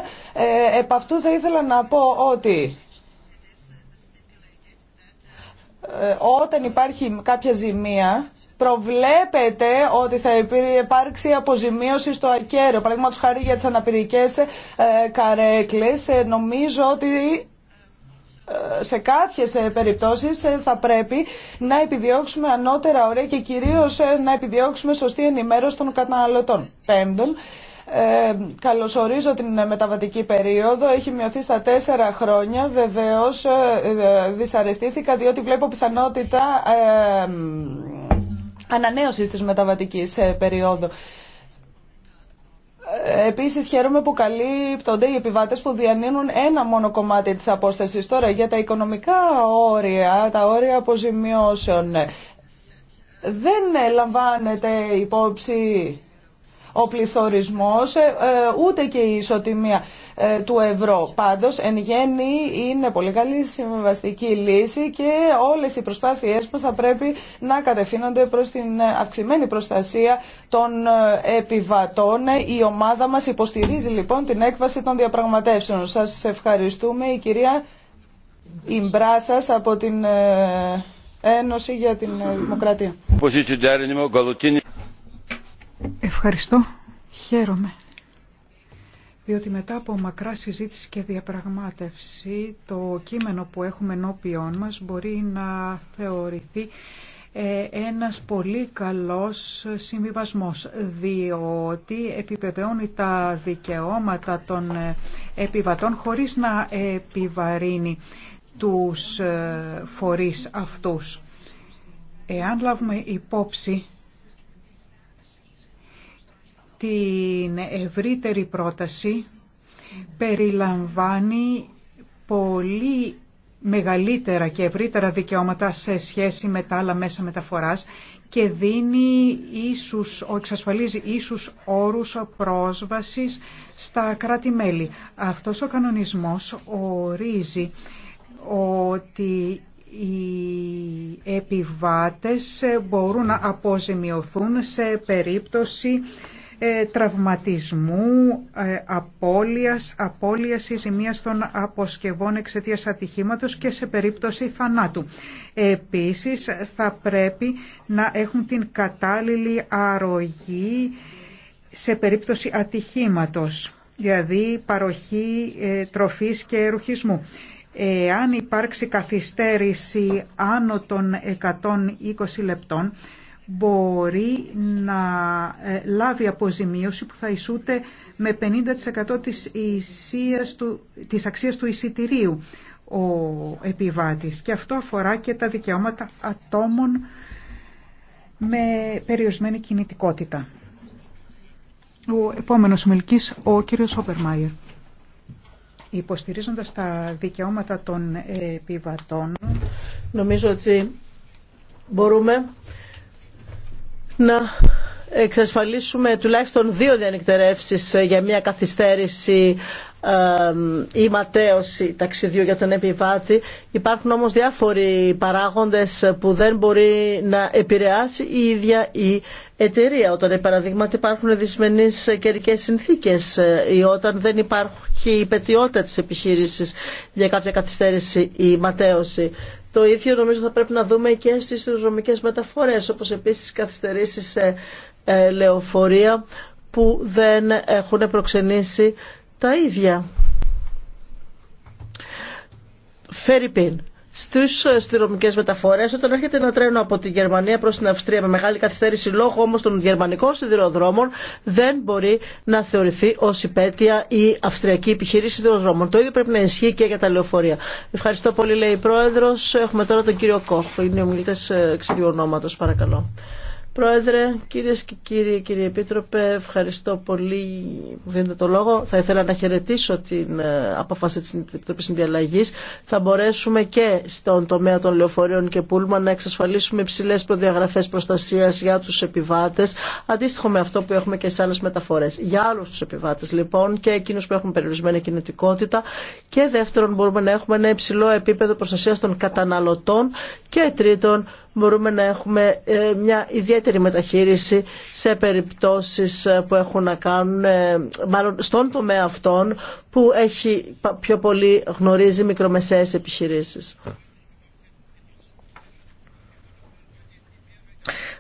επ' αυτού θα ήθελα να πω ότι ε, όταν υπάρχει κάποια ζημία, προβλέπετε ότι θα υπάρξει αποζημίωση στο ακέραιο. Παραδείγματο χάρη για τι αναπηρικέ ε, καρέκλε. Νομίζω ότι σε κάποιες ε, περιπτώσεις ε, θα πρέπει να επιδιώξουμε ανώτερα ωραία και κυρίως ε, να επιδιώξουμε σωστή ενημέρωση των καταναλωτών. Πέμπτον, ε, καλωσορίζω την μεταβατική περίοδο. Έχει μειωθεί στα τέσσερα χρόνια. Βεβαίως ε, δυσαρεστήθηκα διότι βλέπω πιθανότητα ε, ανανέωσης της μεταβατικής περίοδου. Επίση, χαίρομαι που καλύπτονται οι επιβάτε που διανύουν ένα μόνο κομμάτι τη απόσταση Τώρα για τα οικονομικά όρια, τα όρια αποζημιώσεων, δεν λαμβάνεται υπόψη ο πληθωρισμός ε, ε, ούτε και η ισοτιμία ε, του ευρώ. Πάντως, εν γέννη είναι πολύ καλή συμβαστική λύση και όλες οι προσπάθειές που θα πρέπει να κατευθύνονται προς την αυξημένη προστασία των επιβατών. Η ομάδα μας υποστηρίζει λοιπόν την έκβαση των διαπραγματεύσεων. Σας ευχαριστούμε. Η κυρία Ιμπράσας από την Ένωση για την Δημοκρατία. Ευχαριστώ. Χαίρομαι. Διότι μετά από μακρά συζήτηση και διαπραγμάτευση, το κείμενο που έχουμε ενώπιόν μας μπορεί να θεωρηθεί ε, ένας πολύ καλός συμβιβασμός, διότι επιβεβαιώνει τα δικαιώματα των ε, επιβατών χωρίς να επιβαρύνει τους ε, φορείς αυτούς. Εάν λάβουμε υπόψη την ευρύτερη πρόταση περιλαμβάνει πολύ μεγαλύτερα και ευρύτερα δικαιώματα σε σχέση με τα άλλα μέσα μεταφοράς και δίνει ίσους, εξασφαλίζει ίσους όρους πρόσβασης στα κράτη-μέλη. Αυτός ο κανονισμός ορίζει ότι οι επιβάτες μπορούν να αποζημιωθούν σε περίπτωση ε, τραυματισμού, ε, απώλειας, απώλειας ή ζημίας των αποσκευών εξαιτίας ατυχήματος και σε περίπτωση θανάτου. Επίσης θα πρέπει να έχουν την κατάλληλη αρρωγή σε περίπτωση ατυχήματος, δηλαδή παροχή ε, τροφής και ρουχισμού. Αν υπάρξει καθυστέρηση άνω των 120 λεπτών, μπορεί να ε, λάβει αποζημίωση που θα ισούται με 50% της, ισίας του, της αξίας του εισιτηρίου ο επιβάτης. Και αυτό αφορά και τα δικαιώματα ατόμων με περιορισμένη κινητικότητα. Ο επόμενος ομιλικής, ο κύριος Όπερμαϊερ. Υποστηρίζοντας τα δικαιώματα των επιβατών... Νομίζω ότι μπορούμε να εξασφαλίσουμε τουλάχιστον δύο διανυκτερεύσεις ε, για μια καθυστέρηση ε, ή ματέωση ταξιδιού για τον επιβάτη. Υπάρχουν όμως διάφοροι παράγοντες που δεν μπορεί να επηρεάσει η ίδια η εταιρεία. Όταν, παραδείγματι, παράδειγμα δυσμενείς καιρικές συνθήκες ε, ή όταν δεν υπάρχει η πετιότητα της επιχείρησης για κάποια καθυστέρηση ή ματέωση. Το ίδιο νομίζω θα πρέπει να δούμε και στις δρομικές μεταφορές, όπως επίσης καθυστερήσεις σε ε, λεωφορεία που δεν έχουν προξενήσει τα ίδια. Φερρυπίν στις αστυνομικές ε, μεταφορές όταν έρχεται ένα τρένο από τη Γερμανία προς την Αυστρία με μεγάλη καθυστέρηση λόγω όμως των γερμανικών σιδηροδρόμων δεν μπορεί να θεωρηθεί ω υπέτεια η αυστριακή επιχείρηση σιδηροδρόμων. Το ίδιο πρέπει να ισχύει και για τα λεωφορεία. Ευχαριστώ πολύ λέει η πρόεδρο. Έχουμε τώρα τον κύριο Κόχ. Είναι ομιλητές εξ παρακαλώ. Πρόεδρε, κυρίε και κύριοι, κύριε Επίτροπε, ευχαριστώ πολύ που δίνετε το λόγο. Θα ήθελα να χαιρετήσω την ε, απόφαση τη Επιτροπή Συνδιαλλαγή. Θα μπορέσουμε και στον τομέα των λεωφορείων και πούλμα να εξασφαλίσουμε υψηλέ προδιαγραφέ προστασία για του επιβάτε, αντίστοιχο με αυτό που έχουμε και σε άλλε μεταφορέ. Για άλλου του επιβάτε, λοιπόν, και εκείνου που έχουν περιορισμένη κινητικότητα. Και δεύτερον, μπορούμε να έχουμε ένα υψηλό επίπεδο προστασία των καταναλωτών. Και τρίτον, μπορούμε να έχουμε ε, μια ιδιαίτερη μεταχείριση σε περιπτώσεις ε, που έχουν να κάνουν, ε, μάλλον στον τομέα αυτών που έχει πιο πολύ γνωρίζει μικρομεσαίες επιχειρήσεις.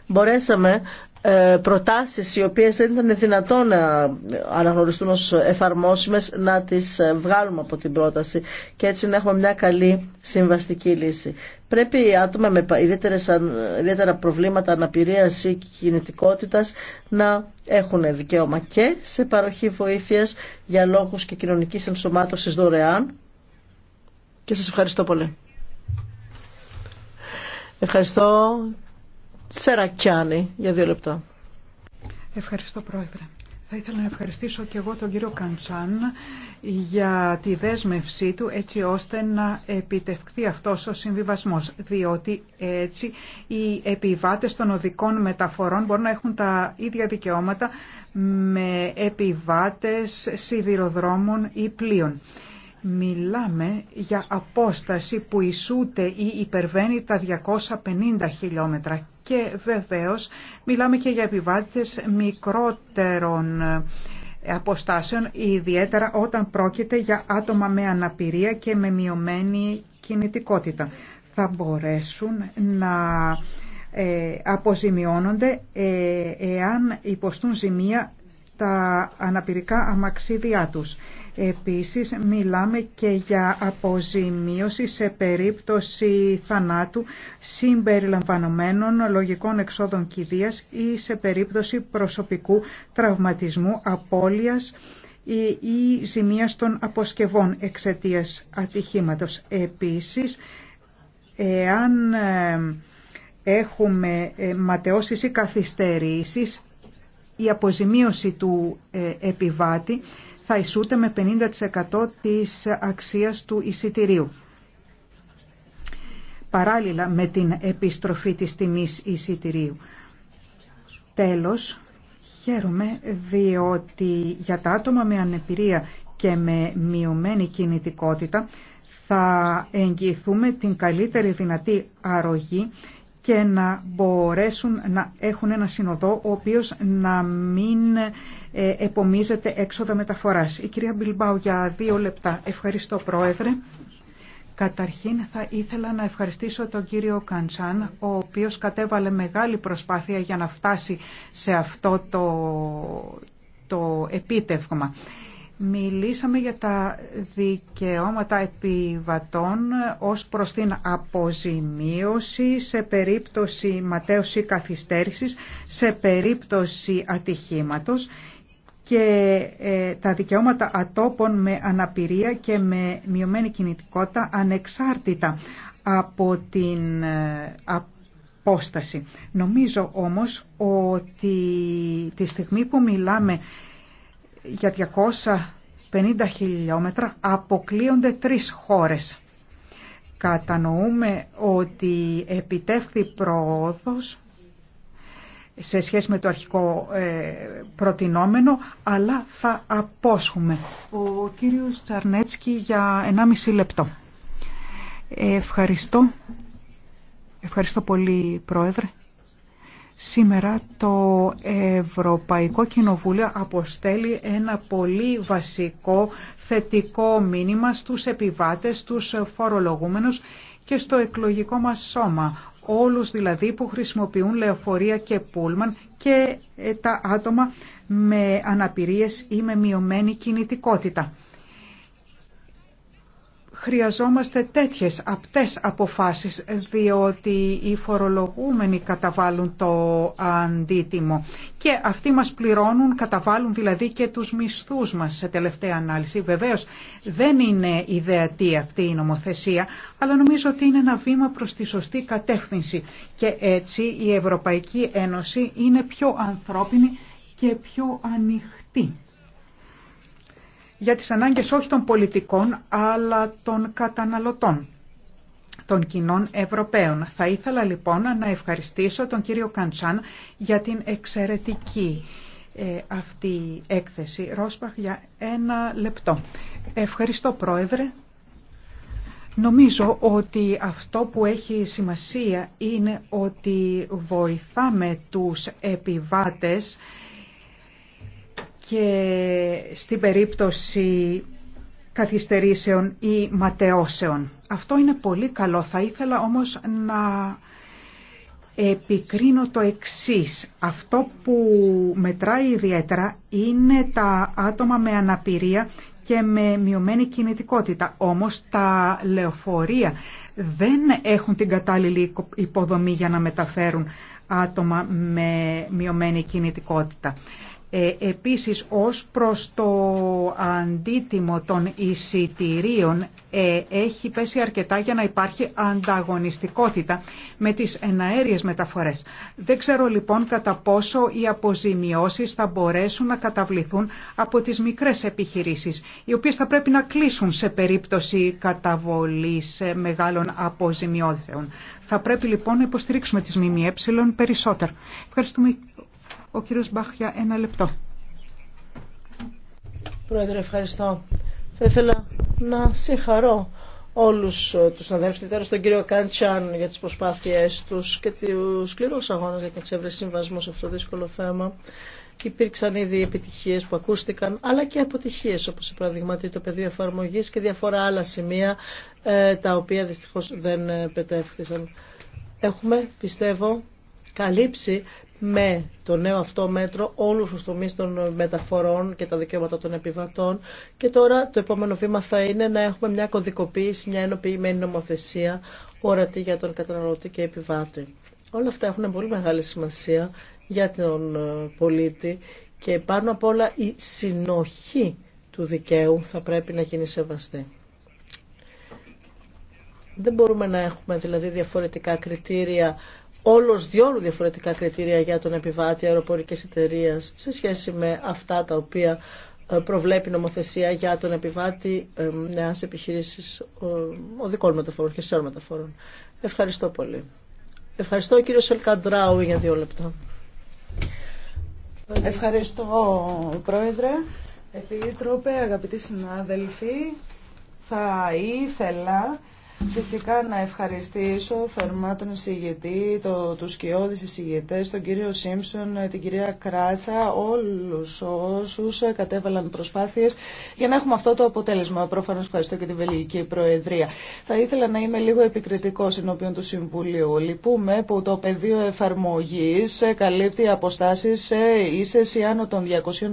Μπορέσαμε ε, προτάσεις οι οποίες δεν ήταν δυνατόν να αναγνωριστούν ως εφαρμόσιμες να τις ε, βγάλουμε από την πρόταση και έτσι να έχουμε μια καλή συμβαστική λύση. Πρέπει οι άτομα με ιδιαίτερα προβλήματα αναπηρίας ή κινητικότητας να έχουν δικαίωμα και σε παροχή βοήθειας για λόγους και κοινωνικής ενσωμάτωσης δωρεάν. Και σας ευχαριστώ πολύ. Ευχαριστώ Σερακιάνη για δύο λεπτά. Ευχαριστώ Πρόεδρε. Θα ήθελα να ευχαριστήσω και εγώ τον κύριο Καντσάν για τη δέσμευσή του έτσι ώστε να επιτευχθεί αυτός ο συμβιβασμός διότι έτσι οι επιβάτες των οδικών μεταφορών μπορούν να έχουν τα ίδια δικαιώματα με επιβάτες σιδηροδρόμων ή πλοίων. Μιλάμε για απόσταση που ισούται ή υπερβαίνει τα 250 χιλιόμετρα και βεβαίως μιλάμε και για επιβάτες μικρότερων ε, αποστάσεων, ιδιαίτερα όταν πρόκειται για άτομα με αναπηρία και με μειωμένη κινητικότητα. Θα μπορέσουν να ε, αποζημιώνονται ε, εάν υποστούν ζημία τα αναπηρικά αμαξίδια τους. Επίσης μιλάμε και για αποζημίωση σε περίπτωση θανάτου συμπεριλαμβανομένων λογικών εξόδων κηδείας ή σε περίπτωση προσωπικού τραυματισμού, απώλειας ή ζημίας των αποσκευών εξαιτίας ατυχήματος. Επίσης, εάν ε, έχουμε ε, ματαιώσεις ή καθυστερήσεις, η αποζημίωση του ε, επιβάτη θα ισούται με 50% της αξίας του εισιτηρίου. Παράλληλα με την επιστροφή της τιμής εισιτηρίου. Τέλος, χαίρομαι διότι για τα άτομα με ανεπηρία και με μειωμένη κινητικότητα θα εγγυηθούμε την καλύτερη δυνατή αρρωγή και να μπορέσουν να έχουν ένα συνοδό ο οποίος να μην ε, επομίζεται έξοδα μεταφοράς. Η κυρία Μπιλμπάου για δύο λεπτά. Ευχαριστώ Πρόεδρε. Καταρχήν θα ήθελα να ευχαριστήσω τον κύριο Καντσάν, ο οποίος κατέβαλε μεγάλη προσπάθεια για να φτάσει σε αυτό το, το επίτευγμα. Μιλήσαμε για τα δικαιώματα επιβατών ως προς την αποζημίωση σε περίπτωση ματέωση καθυστέρησης, σε περίπτωση ατυχήματος και ε, τα δικαιώματα ατόπων με αναπηρία και με μειωμένη κινητικότητα ανεξάρτητα από την ε, απόσταση. Νομίζω όμως ότι τη στιγμή που μιλάμε για 250 χιλιόμετρα αποκλείονται τρεις χώρες. Κατανοούμε ότι επιτεύχθη προόδος σε σχέση με το αρχικό ε, προτινόμενο, αλλά θα απόσχουμε. Ο κύριος Τσαρνέτσκι για 1,5 λεπτό. Ε, ευχαριστώ. Ευχαριστώ πολύ, Πρόεδρε. Σήμερα το Ευρωπαϊκό Κοινοβούλιο αποστέλει ένα πολύ βασικό θετικό μήνυμα στους επιβάτες, στους φορολογούμενους και στο εκλογικό μας σώμα. Όλους δηλαδή που χρησιμοποιούν λεωφορεία και πούλμαν και ε, τα άτομα με αναπηρίες ή με μειωμένη κινητικότητα χρειαζόμαστε τέτοιες απτές αποφάσεις διότι οι φορολογούμενοι καταβάλουν το αντίτιμο και αυτοί μας πληρώνουν, καταβάλουν δηλαδή και τους μισθούς μας σε τελευταία ανάλυση. Βεβαίως δεν είναι ιδεατή αυτή η νομοθεσία αλλά νομίζω ότι είναι ένα βήμα προς τη σωστή κατεύθυνση και έτσι η Ευρωπαϊκή Ένωση είναι πιο ανθρώπινη και πιο ανοιχτή για τις ανάγκες όχι των πολιτικών, αλλά των καταναλωτών των κοινών Ευρωπαίων. Θα ήθελα λοιπόν να ευχαριστήσω τον κύριο Καντσάν για την εξαιρετική ε, αυτή έκθεση. Ρόσπαχ για ένα λεπτό. Ευχαριστώ πρόεδρε. Νομίζω ότι αυτό που έχει σημασία είναι ότι βοηθάμε τους επιβάτες και στην περίπτωση καθυστερήσεων ή ματαιώσεων. Αυτό είναι πολύ καλό. Θα ήθελα όμως να επικρίνω το εξής. Αυτό που μετράει ιδιαίτερα είναι τα άτομα με αναπηρία και με μειωμένη κινητικότητα. Όμως τα λεωφορεία δεν έχουν την κατάλληλη υποδομή για να μεταφέρουν άτομα με μειωμένη κινητικότητα ε, επίσης ως προς το αντίτιμο των εισιτηρίων ε, έχει πέσει αρκετά για να υπάρχει ανταγωνιστικότητα με τις εναέριες μεταφορές. Δεν ξέρω λοιπόν κατά πόσο οι αποζημιώσεις θα μπορέσουν να καταβληθούν από τις μικρές επιχειρήσεις, οι οποίες θα πρέπει να κλείσουν σε περίπτωση καταβολής ε, μεγάλων αποζημιώσεων. Θα πρέπει λοιπόν να υποστηρίξουμε τις ΜΜΕ περισσότερο. Ευχαριστούμε ο κύριος Μπαχ ένα λεπτό. Πρόεδρε, ευχαριστώ. Θα ήθελα να συγχαρώ όλους ε, τους συναδέλφους, ιδιαίτερα τον κύριο Κάντσαν για τις προσπάθειές τους και τους σκληρούς αγώνες για την εξέβρεση συμβασμού σε αυτό το δύσκολο θέμα. Υπήρξαν ήδη επιτυχίε που ακούστηκαν, αλλά και αποτυχίε, όπω η παραδειγματή το πεδίο εφαρμογή και διάφορα άλλα σημεία, ε, τα οποία δυστυχώ δεν ε, πετεύχθησαν. Έχουμε, πιστεύω, καλύψει με το νέο αυτό μέτρο όλους τους τομείς των μεταφορών και τα δικαιώματα των επιβατών και τώρα το επόμενο βήμα θα είναι να έχουμε μια κωδικοποίηση, μια ενοποιημένη νομοθεσία ορατή για τον καταναλωτή και επιβάτη. Όλα αυτά έχουν πολύ μεγάλη σημασία για τον ε, πολίτη και πάνω απ' όλα η συνοχή του δικαίου θα πρέπει να γίνει σεβαστή. Δεν μπορούμε να έχουμε δηλαδή διαφορετικά κριτήρια Όλο διόλου διαφορετικά κριτήρια για τον επιβάτη αεροπορική εταιρεία σε σχέση με αυτά τα οποία ε, προβλέπει νομοθεσία για τον επιβάτη ε, νέας επιχειρήσης ε, οδικών μεταφορών και σεών μεταφορών. Ευχαριστώ πολύ. Ευχαριστώ κύριο Σελκαντράου για δύο λεπτά. Ευχαριστώ πρόεδρε. Επίτροπε, αγαπητοί συνάδελφοι, θα ήθελα Φυσικά να ευχαριστήσω θερμά τον εισηγητή, το, του σκιώδη εισηγητές, τον κύριο Σίμψον, την κυρία Κράτσα, όλου όσου κατέβαλαν προσπάθειε για να έχουμε αυτό το αποτέλεσμα. Προφανώς ευχαριστώ και την Βελγική Προεδρία. Θα ήθελα να είμαι λίγο επικριτικός ενώπιον του Συμβουλίου. Λυπούμε που το πεδίο εφαρμογή καλύπτει αποστάσεις ίσες ή άνω των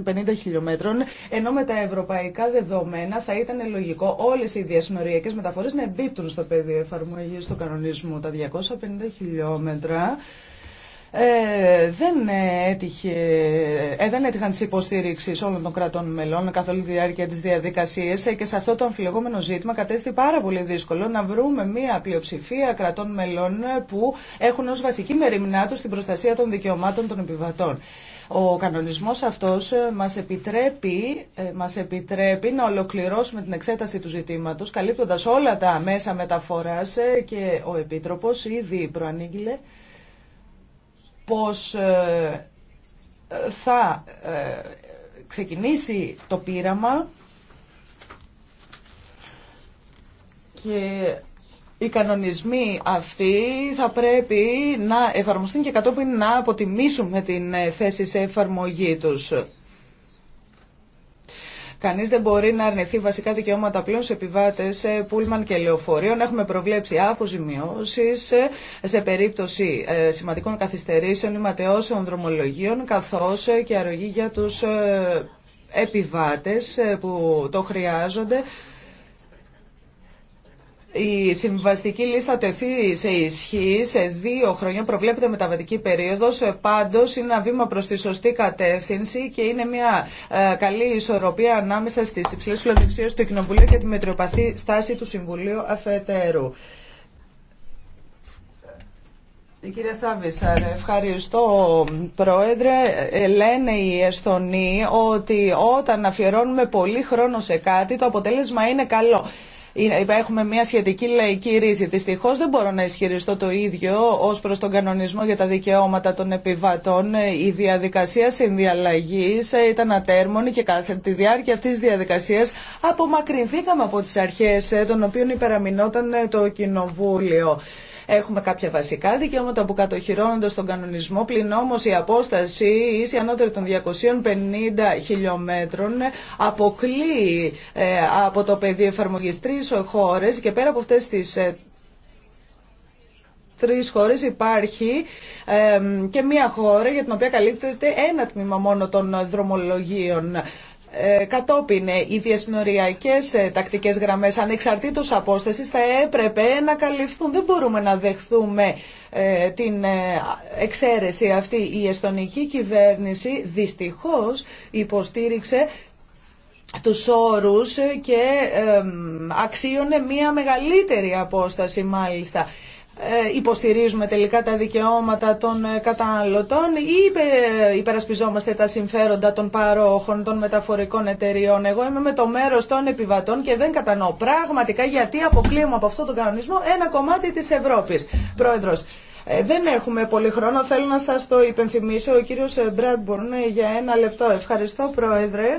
250 χιλιόμετρων, ενώ με τα ευρωπαϊκά δεδομένα θα ήταν λογικό Όλε οι διασυνοριακέ μεταφορέ να εμπίπτουν στο στο πεδίο εφαρμογή του κανονισμού. Τα 250 χιλιόμετρα ε, δεν, έτυχε, ε, δεν έτυχαν τι υποστηρίξει όλων των κρατών μελών καθ' όλη τη διάρκεια τη διαδικασία ε, και σε αυτό το αμφιλεγόμενο ζήτημα κατέστη πάρα πολύ δύσκολο να βρούμε μια πλειοψηφία κρατών μελών που έχουν ω βασική μεριμνά του την προστασία των δικαιωμάτων των επιβατών. Ο κανονισμός αυτός ε, μας επιτρέπει, ε, μας επιτρέπει να ολοκληρώσουμε την εξέταση του ζητήματος, καλύπτοντας όλα τα μέσα μεταφοράς ε, και ο Επίτροπος ήδη προανήγγειλε πως θα ξεκινήσει το πείραμα οι κανονισμοί αυτοί θα πρέπει να εφαρμοστούν και κατόπιν να αποτιμήσουμε την ε, θέση σε εφαρμογή τους. Κανείς δεν μπορεί να αρνηθεί βασικά δικαιώματα πλέον σε επιβάτε ε, πούλμαν και λεωφορείων. Έχουμε προβλέψει αποζημιώσει ε, σε περίπτωση σημαντικών καθυστερήσεων ή ματαιώσεων δρομολογίων, καθώς και αρρωγή για τους επιβάτες που το χρειάζονται η συμβαστική λίστα τεθεί σε ισχύ σε δύο χρόνια, προβλέπεται μεταβατική περίοδο πάντω είναι ένα βήμα προ τη σωστή κατεύθυνση και είναι μια ε, καλή ισορροπία ανάμεσα στι υψηλέ φιλοδοξίε του Κοινοβουλίου και τη μετριοπαθή στάση του Συμβουλίου Αφετέρου. κυρία Σάβησαρ, ευχαριστώ Πρόεδρε. Λένε οι Εσθονοί ότι όταν αφιερώνουμε πολύ χρόνο σε κάτι το αποτέλεσμα είναι καλό έχουμε μια σχετική λαϊκή ρίζη. Δυστυχώ δεν μπορώ να ισχυριστώ το ίδιο ως προς τον κανονισμό για τα δικαιώματα των επιβατών. Η διαδικασία συνδιαλλαγής ε, ήταν ατέρμονη και κατά τη διάρκεια αυτή τη διαδικασία απομακρυνθήκαμε από τις αρχές ε, των οποίων υπεραμεινόταν ε, το Κοινοβούλιο. Έχουμε κάποια βασικά δικαιώματα που κατοχυρώνονται στον κανονισμό, πλην όμω η απόσταση ίση ανώτερη των 250 χιλιόμετρων ε, αποκλεί ε, από το πεδίο εφαρμογή τρει χώρε και πέρα από αυτέ τι ε, τρεις χώρες υπάρχει και μία χώρα για την οποία καλύπτεται ένα τμήμα μόνο των δρομολογίων. Ε, κατόπιν ε, οι διασυνοριακές ε, τακτικές γραμμές ανεξαρτήτως απόσταση θα έπρεπε να καλυφθούν. Δεν μπορούμε να δεχθούμε την εξαίρεση αυτή. Η εστονική κυβέρνηση δυστυχώς υποστήριξε τους όρους και αξίωνε μία μεγαλύτερη απόσταση μάλιστα. Ε, υποστηρίζουμε τελικά τα δικαιώματα των ε, καταναλωτών ή ε, υπερασπιζόμαστε τα συμφέροντα των παρόχων, των μεταφορικών εταιριών. Εγώ είμαι με το μέρος των επιβατών και δεν κατανοώ πραγματικά γιατί αποκλείουμε από αυτόν τον κανονισμό ένα κομμάτι της Ευρώπης. Πρόεδρος, δεν έχουμε πολύ χρόνο. Θέλω να σα το υπενθυμίσω. Ο κύριο Μπράντμπορν για ένα λεπτό. Ευχαριστώ, Πρόεδρε.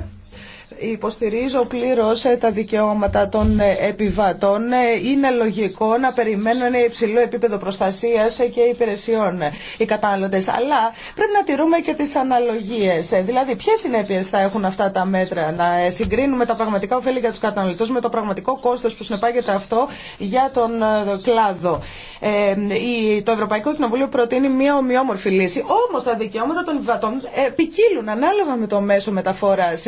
Υποστηρίζω πλήρως ε, τα δικαιώματα των ε, επιβατών. Ε, είναι λογικό να περιμένουν ένα υψηλό επίπεδο προστασίας και υπηρεσιών οι κατάλληλες. Αλλά πρέπει να τηρούμε και τις αναλογίες. Δηλαδή, ποιες συνέπειες θα έχουν αυτά τα μέτρα. Να συγκρίνουμε τα πραγματικά ωφέλη για τους καταναλωτέ, με το πραγματικό κόστος που συνεπάγεται αυτό για τον κλάδο. Το Ευρωπαϊκό Κοινοβούλιο προτείνει μια ομοιόμορφη λύση. Όμως τα δικαιώματα των επιβατών ποικίλουν ανάλογα με το μέσο μεταφοράς.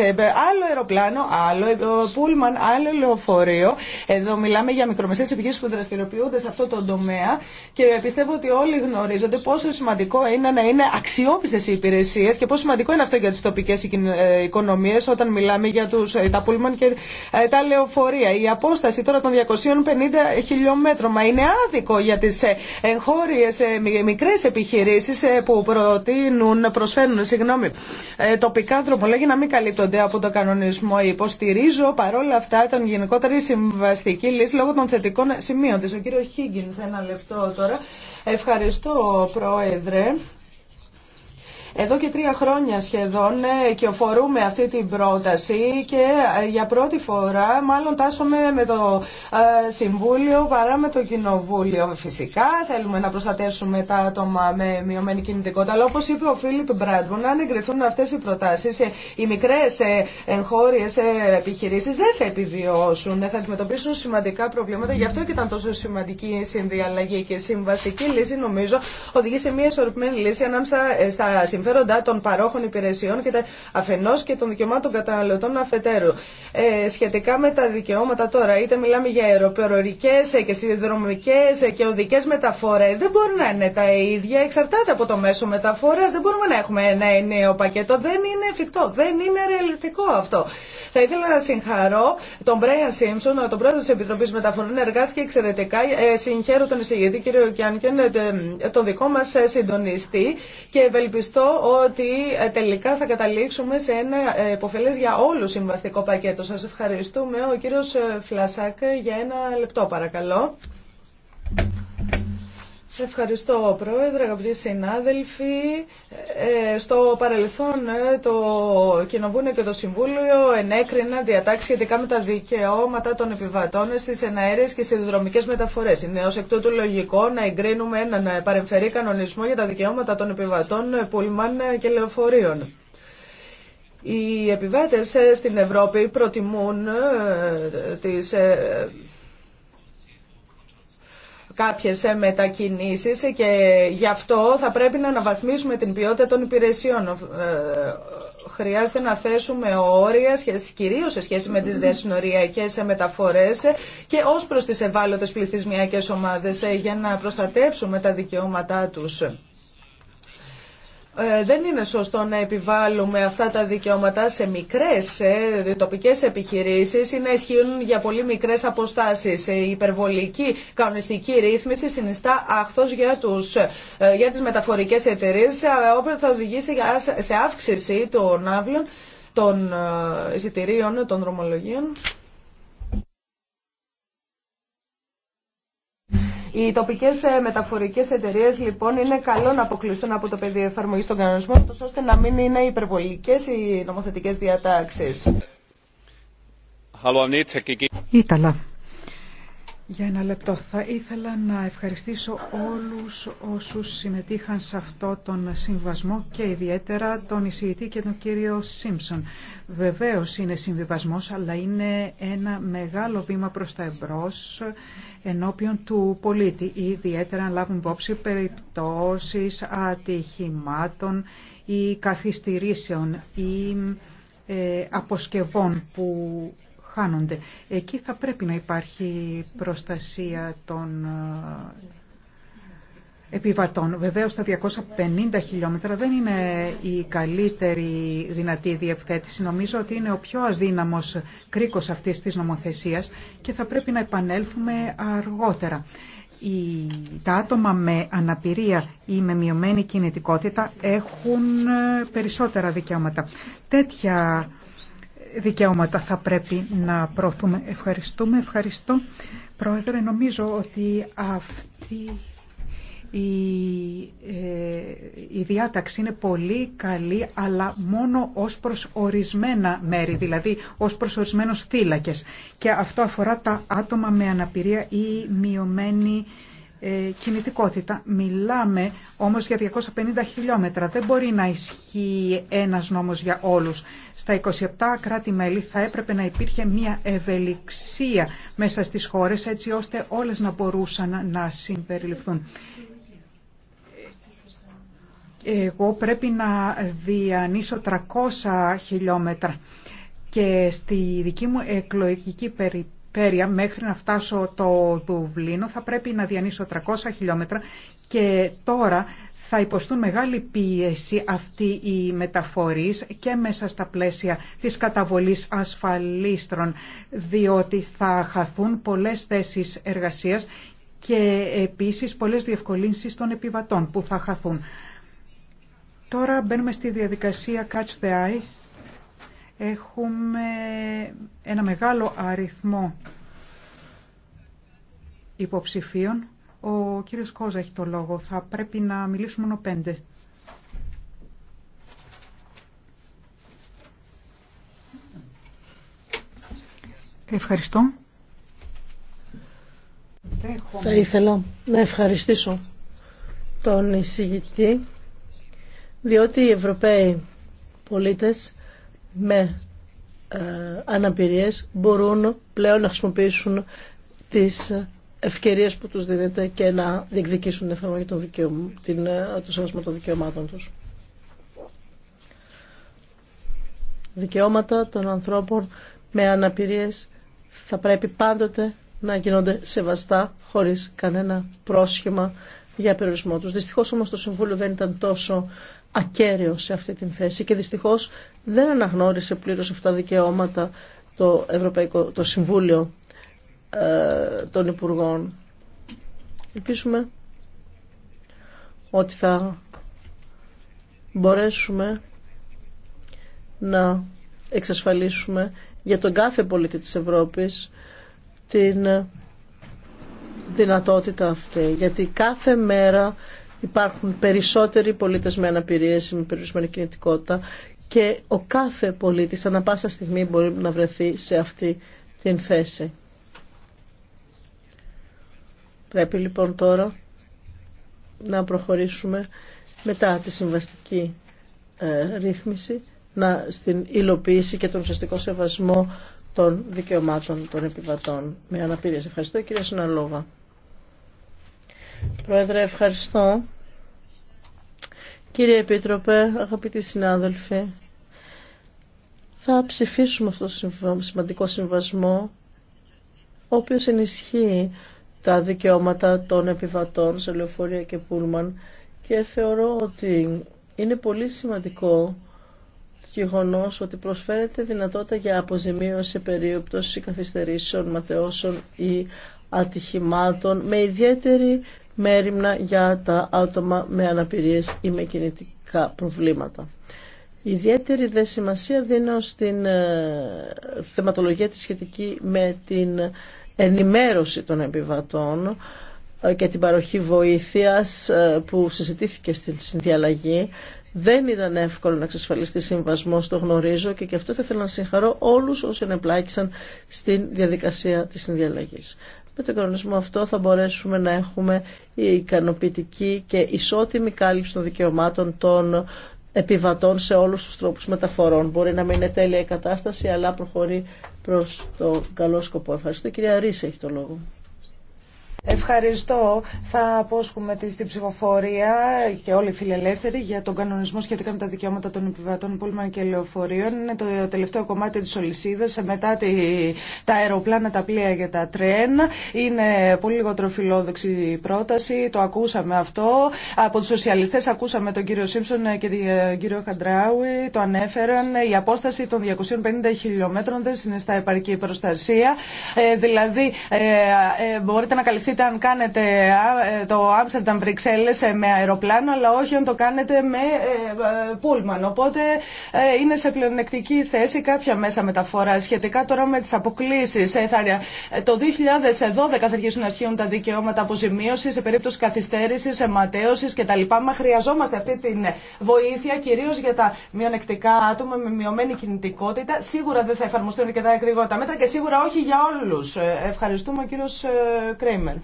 Άλλο αεροπλάνο, άλλο ε, πούλμαν, άλλο λεωφορείο. Εδώ μιλάμε για μικρομεσαίε επιχειρήσει που δραστηριοποιούνται σε αυτό το τομέα και πιστεύω ότι όλοι γνωρίζονται πόσο σημαντικό είναι να είναι αξιόπιστε οι υπηρεσίε και πόσο σημαντικό είναι αυτό για τι τοπικέ ε, οικονομίε όταν μιλάμε για τους, ε, τα πούλμαν και τα λεωφορεία. Η απόσταση τώρα των 250 χιλιόμετρων μα είναι άδικο για τι εγχώριε μικρέ επιχειρήσει που προτείνουν, προσφέρουν συγγνώμη, τοπικά δρομολόγια να μην καλύπτονται από το κανονικό. Υποστηρίζω παρόλα αυτά τον γενικότερη συμβαστική λύση λόγω των θετικών σημείων της. Ο κύριο Χίγκιν, ένα λεπτό τώρα. Ευχαριστώ, Πρόεδρε. Εδώ και τρία χρόνια σχεδόν ε, οφορούμε αυτή την πρόταση και ε, για πρώτη φορά μάλλον τάσσομαι με το ε, Συμβούλιο παρά με το Κοινοβούλιο. Φυσικά θέλουμε να προστατεύσουμε τα άτομα με μειωμένη κινητικότητα, αλλά όπως είπε ο Φίλιπ Μπράντμουν, αν εγκριθούν αυτές οι προτάσεις, οι μικρές εγχώριες επιχειρήσεις δεν θα επιβιώσουν, θα αντιμετωπίσουν σημαντικά προβλήματα. Γι' αυτό και ήταν τόσο σημαντική η συνδιαλλαγή και η συμβαστική λύση, νομίζω, οδηγεί σε μια ισορροπημένη λύση ανάμεσα στα συμφέροντα των παρόχων υπηρεσιών και τα αφενός και των δικαιωμάτων καταναλωτών αφετέρου. Ε, σχετικά με τα δικαιώματα τώρα, είτε μιλάμε για αεροπερορικές ε, και συνδρομικέ ε, και οδικές μεταφορές, δεν μπορούν να είναι τα ίδια, εξαρτάται από το μέσο μεταφοράς, δεν μπορούμε να έχουμε ένα νέο πακέτο, δεν είναι εφικτό, δεν είναι ρεαλιστικό αυτό. Θα ήθελα να συγχαρώ τον Μπρέιαν Σίμψον, τον πρόεδρο τη Επιτροπή Μεταφορών, εργάστηκε εξαιρετικά. Ε, συγχαίρω τον εισηγητή, κύριο Κιάνκεν, ε, τον δικό μα συντονιστή και ευελπιστώ ότι ε, τελικά θα καταλήξουμε σε ένα ε, υποφέλε για όλου συμβαστικό πακέτο. Σας ευχαριστούμε. Ο κύριος ε, Φλασάκ για ένα λεπτό παρακαλώ. Ευχαριστώ Πρόεδρε, αγαπητοί συνάδελφοι. Ε, στο παρελθόν ε, το Κοινοβούλιο και το Συμβούλιο ενέκριναν διατάξει σχετικά με τα δικαιώματα των επιβατών στις εναέρειες και δρομικέ μεταφορές. Είναι ως εκ τούτου λογικό να εγκρίνουμε έναν παρεμφερή κανονισμό για τα δικαιώματα των επιβατών πουλμαν και λεωφορείων. Οι επιβάτες ε, στην Ευρώπη προτιμούν τις κάποιες ε, μετακινήσεις και γι' αυτό θα πρέπει να αναβαθμίσουμε την ποιότητα των υπηρεσιών. Ε, χρειάζεται να θέσουμε όρια, κυρίω σε σχέση με τις διασυνοριακές ε, μεταφορέ και ω προ τι ευάλωτε πληθυσμιακέ ομάδε για να προστατεύσουμε τα δικαιώματά τους. Ε, δεν είναι σωστό να επιβάλλουμε αυτά τα δικαιώματα σε μικρές ε, τοπικές επιχειρήσεις ή να ισχύουν για πολύ μικρές αποστάσεις. Η υπερβολική κανονιστική ρύθμιση συνιστά άχθος για, τους, ε, για τις μεταφορικές εταιρείες ε, όπου θα οδηγήσει σε αύξηση των άβλων των εισιτηρίων, των δρομολογίων. Οι τοπικέ ε, μεταφορικέ εταιρείε λοιπόν είναι καλό να αποκλειστούν από το πεδίο εφαρμογή των κανονισμών, ώστε να μην είναι υπερβολικέ οι νομοθετικέ διατάξει. Ήταλα. Για ένα λεπτό θα ήθελα να ευχαριστήσω όλους όσους συμμετείχαν σε αυτό τον συμβασμό και ιδιαίτερα τον εισηγητή και τον κύριο Σίμψον. Βεβαίως είναι συμβιβασμός αλλά είναι ένα μεγάλο βήμα προς τα εμπρός ενώπιον του πολίτη. Ιδιαίτερα να λάβουν υπόψη περιπτώσεις ατυχημάτων ή καθυστηρήσεων ή ε, αποσκευών που χάνονται. Εκεί θα πρέπει να υπάρχει προστασία των ε, επιβατών. Βεβαίως τα 250 χιλιόμετρα δεν είναι η καλύτερη δυνατή διευθέτηση. Νομίζω ότι είναι ο πιο αδύναμος κρίκος αυτής της νομοθεσίας και θα πρέπει να επανέλθουμε αργότερα. η τα άτομα με αναπηρία ή με μειωμένη κινητικότητα έχουν ε, περισσότερα δικαιώματα. Τέτοια δικαιώματα θα πρέπει να προωθούμε. Ευχαριστούμε, ευχαριστώ. Πρόεδρε, νομίζω ότι αυτή η, ε, η διάταξη είναι πολύ καλή, αλλά μόνο ως προς ορισμένα μέρη, δηλαδή ως προς ορισμένους θύλακες. Και αυτό αφορά τα άτομα με αναπηρία ή μειωμένη ε, κινητικότητα. Μιλάμε όμως για 250 χιλιόμετρα. Δεν μπορεί να ισχύει ένας νόμος για όλους. Στα 27 κράτη-μέλη θα έπρεπε να υπήρχε μια ευελιξία μέσα στις χώρες έτσι ώστε όλες να μπορούσαν να συμπεριληφθούν. Εγώ πρέπει να διανύσω 300 χιλιόμετρα και στη δική μου εκλογική περιπτώση μέχρι να φτάσω το Δουβλίνο θα πρέπει να διανύσω 300 χιλιόμετρα και τώρα θα υποστούν μεγάλη πίεση αυτοί οι μεταφορείς και μέσα στα πλαίσια της καταβολής ασφαλίστρων, διότι θα χαθούν πολλές θέσεις εργασίας και επίσης πολλές διευκολύνσεις των επιβατών που θα χαθούν. Τώρα μπαίνουμε στη διαδικασία Catch the Eye Έχουμε ένα μεγάλο αριθμό υποψηφίων. Ο κύριος Κόζα έχει το λόγο. Θα πρέπει να μιλήσουμε μόνο πέντε. Ευχαριστώ. Θα ήθελα να ευχαριστήσω τον εισηγητή, διότι οι Ευρωπαίοι πολίτες με ε, αναπηρίες μπορούν πλέον να χρησιμοποιήσουν τις ευκαιρίες που τους δίνεται και να διεκδικήσουν την εφαρμογή την, ε, το σεβασμό των δικαιωμάτων τους. Δικαιώματα των ανθρώπων με αναπηρίες θα πρέπει πάντοτε να γίνονται σεβαστά χωρίς κανένα πρόσχημα για περιορισμό τους. Δυστυχώς όμως το Συμβούλιο δεν ήταν τόσο ακέραιο σε αυτή την θέση και δυστυχώς δεν αναγνώρισε πλήρως αυτά τα δικαιώματα το, Ευρωπαϊκό, το Συμβούλιο ε, των Υπουργών. Ελπίσουμε ότι θα μπορέσουμε να εξασφαλίσουμε για τον κάθε πολίτη της Ευρώπης την δυνατότητα αυτή. Γιατί κάθε μέρα υπάρχουν περισσότεροι πολίτες με αναπηρίες, με περιορισμένη κινητικότητα και ο κάθε πολίτης ανα πάσα στιγμή μπορεί να βρεθεί σε αυτή την θέση. Πρέπει λοιπόν τώρα να προχωρήσουμε μετά τη συμβαστική ε, ρύθμιση να στην υλοποίηση και τον ουσιαστικό σεβασμό των δικαιωμάτων των επιβατών με αναπηρία. Ευχαριστώ κυρία Συναλόβα. Πρόεδρε, ευχαριστώ. Κύριε Επίτροπε, αγαπητοί συνάδελφοι, θα ψηφίσουμε αυτό το σημαντικό συμβασμό, ο οποίος ενισχύει τα δικαιώματα των επιβατών σε λεωφορεία και πούλμαν και θεωρώ ότι είναι πολύ σημαντικό το γεγονό ότι προσφέρεται δυνατότητα για αποζημίωση σε καθυστερήσεων, ματαιώσεων ή ατυχημάτων με ιδιαίτερη με έρημνα για τα άτομα με αναπηρίες ή με κινητικά προβλήματα. Ιδιαίτερη δε σημασία δίνω στην ε, θεματολογία της σχετική με την ενημέρωση των επιβατών ε, και την παροχή βοήθειας ε, που συζητήθηκε στην συνδιαλλαγή. Δεν ήταν εύκολο να εξασφαλιστεί συμβασμό, το γνωρίζω και γι' αυτό θα ήθελα να συγχαρώ όλους όσοι ενεπλάκησαν στην διαδικασία της συνδιαλλαγής. Με τον κανονισμό αυτό θα μπορέσουμε να έχουμε η ικανοποιητική και ισότιμη κάλυψη των δικαιωμάτων των επιβατών σε όλους τους τρόπους μεταφορών. Μπορεί να μην είναι τέλεια η κατάσταση, αλλά προχωρεί προς το καλό σκοπό. Ευχαριστώ. Η κυρία Ρίση έχει το λόγο. Ευχαριστώ. Θα απόσχουμε τη, στην ψηφοφορία και όλοι οι φιλελεύθεροι για τον κανονισμό σχετικά με τα δικαιώματα των επιβατών πούλμαν και λεωφορείων. Είναι το τελευταίο κομμάτι τη ολισίδα μετά τη, τα αεροπλάνα, τα πλοία για τα τρένα. Είναι πολύ λιγότερο πρόταση. Το ακούσαμε αυτό. Από τους σοσιαλιστές ακούσαμε τον κύριο Σίμψον και τον κύριο Χαντράουι. Το ανέφεραν. Η απόσταση των 250 χιλιόμετρων δεν συνιστά επαρκή προστασία. Ε, δηλαδή, ε, ε, μπορείτε να καλυφθεί Ηταν αν κάνετε ε, το Άμστερνταμ Βρυξέλλες ε, με αεροπλάνο, αλλά όχι αν το κάνετε με ε, πούλμαν. Οπότε είναι σε πλεονεκτική θέση κάποια μέσα μεταφορά. Σχετικά τώρα με τις αποκλήσεις, το 2012 θα αρχίσουν να ισχύουν τα δικαιώματα αποζημίωση σε περίπτωση καθυστέρησης, αιματέωσης κτλ. Μα χρειαζόμαστε αυτή την βοήθεια, κυρίως για τα μειονεκτικά άτομα με μειωμένη κινητικότητα. Σίγουρα δεν θα εφαρμοστούν και τα γρήγορα τα μέτρα και σίγουρα όχι για όλους. Ευχαριστούμε κύριος Κρέιμερ.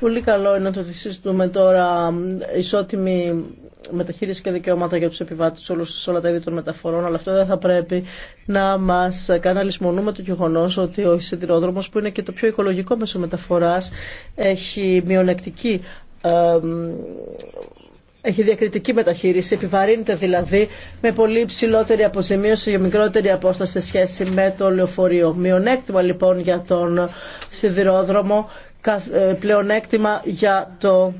Πολύ καλό είναι το ότι συζητούμε τώρα ισότιμη μεταχείριση και δικαιώματα για τους επιβάτες σε όλα τα είδη των μεταφορών, αλλά αυτό δεν θα πρέπει να μας κάνει το γεγονό ότι ο σιδηρόδρομος που είναι και το πιο οικολογικό μέσο μεταφοράς έχει μειονεκτική ε, έχει διακριτική μεταχείριση, επιβαρύνεται δηλαδή με πολύ ψηλότερη αποζημίωση για μικρότερη απόσταση σε σχέση με το λεωφορείο. Μειονέκτημα λοιπόν για τον σιδηρόδρομο ε, πλεονέκτημα για το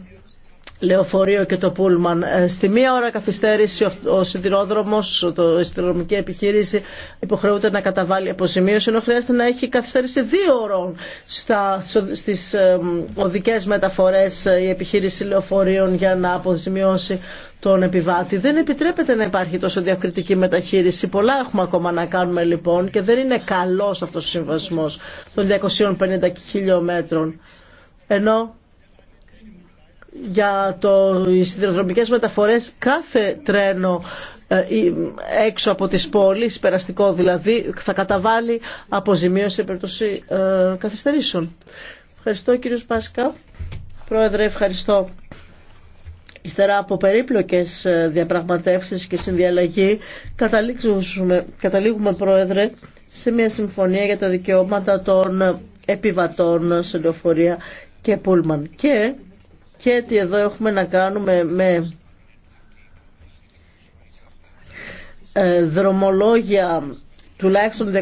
λεωφορείο και το πούλμαν. Ε, στη μία ώρα καθυστέρηση ο σιδηρόδρομος, το, η σιδηροδρομική επιχείρηση υποχρεούται να καταβάλει αποζημίωση, ενώ χρειάζεται να έχει καθυστέρηση δύο ώρων στα, στις ε, οδικές μεταφορές ε, η επιχείρηση λεωφορείων για να αποζημιώσει τον επιβάτη. Δεν επιτρέπεται να υπάρχει τόσο διακριτική μεταχείριση. Πολλά έχουμε ακόμα να κάνουμε λοιπόν και δεν είναι καλός αυτός ο συμβασμός των 250 χιλιόμετρων. Ενώ για το, οι σιδηροδρομικές μεταφορές κάθε τρένο ε, έξω από τις πόλεις, περαστικό δηλαδή, θα καταβάλει αποζημίωση σε περίπτωση ε, καθυστερήσεων. Ευχαριστώ κύριος Πάσκα. Πρόεδρε, ευχαριστώ. Ύστερα από περίπλοκες ε, διαπραγματεύσεις και συνδιαλλαγή καταλήγουμε, Πρόεδρε, σε μια συμφωνία για τα δικαιώματα των επιβατών σε λεωφορεία και πούλμαν. Και και ότι εδώ έχουμε να κάνουμε με ε, δρομολόγια τουλάχιστον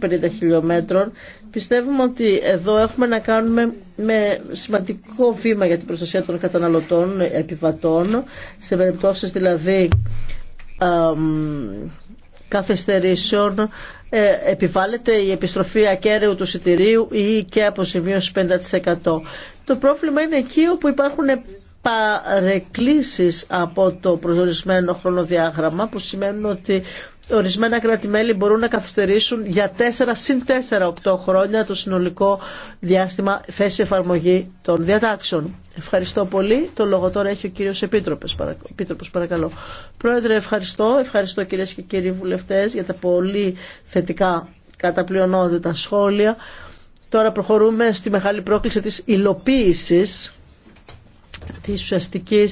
250 χιλιόμετρων, πιστεύουμε ότι εδώ έχουμε να κάνουμε με σημαντικό βήμα για την προστασία των καταναλωτών, επιβατών, σε περιπτώσεις δηλαδή καθυστερήσεων, ε, επιβάλλεται η επιστροφή ακέραιου του εισιτηρίου ή και αποζημίωση 50%. Το πρόβλημα είναι εκεί όπου υπάρχουν παρεκκλήσεις από το προσορισμένο χρονοδιάγραμμα που σημαίνουν ότι ορισμένα μπορούν να καθυστερήσουν για 4 συν 4-8 χρόνια το συνολικό διάστημα θέση εφαρμογή των διατάξεων. Ευχαριστώ πολύ. Το λόγο τώρα έχει ο κύριος Επίτροπος, Επίτροπος παρακαλώ. Πρόεδρε, ευχαριστώ. Ευχαριστώ κυρίες και κύριοι βουλευτές για τα πολύ θετικά καταπλειονότητα σχόλια. Τώρα προχωρούμε στη μεγάλη πρόκληση της υλοποίησης της ουσιαστική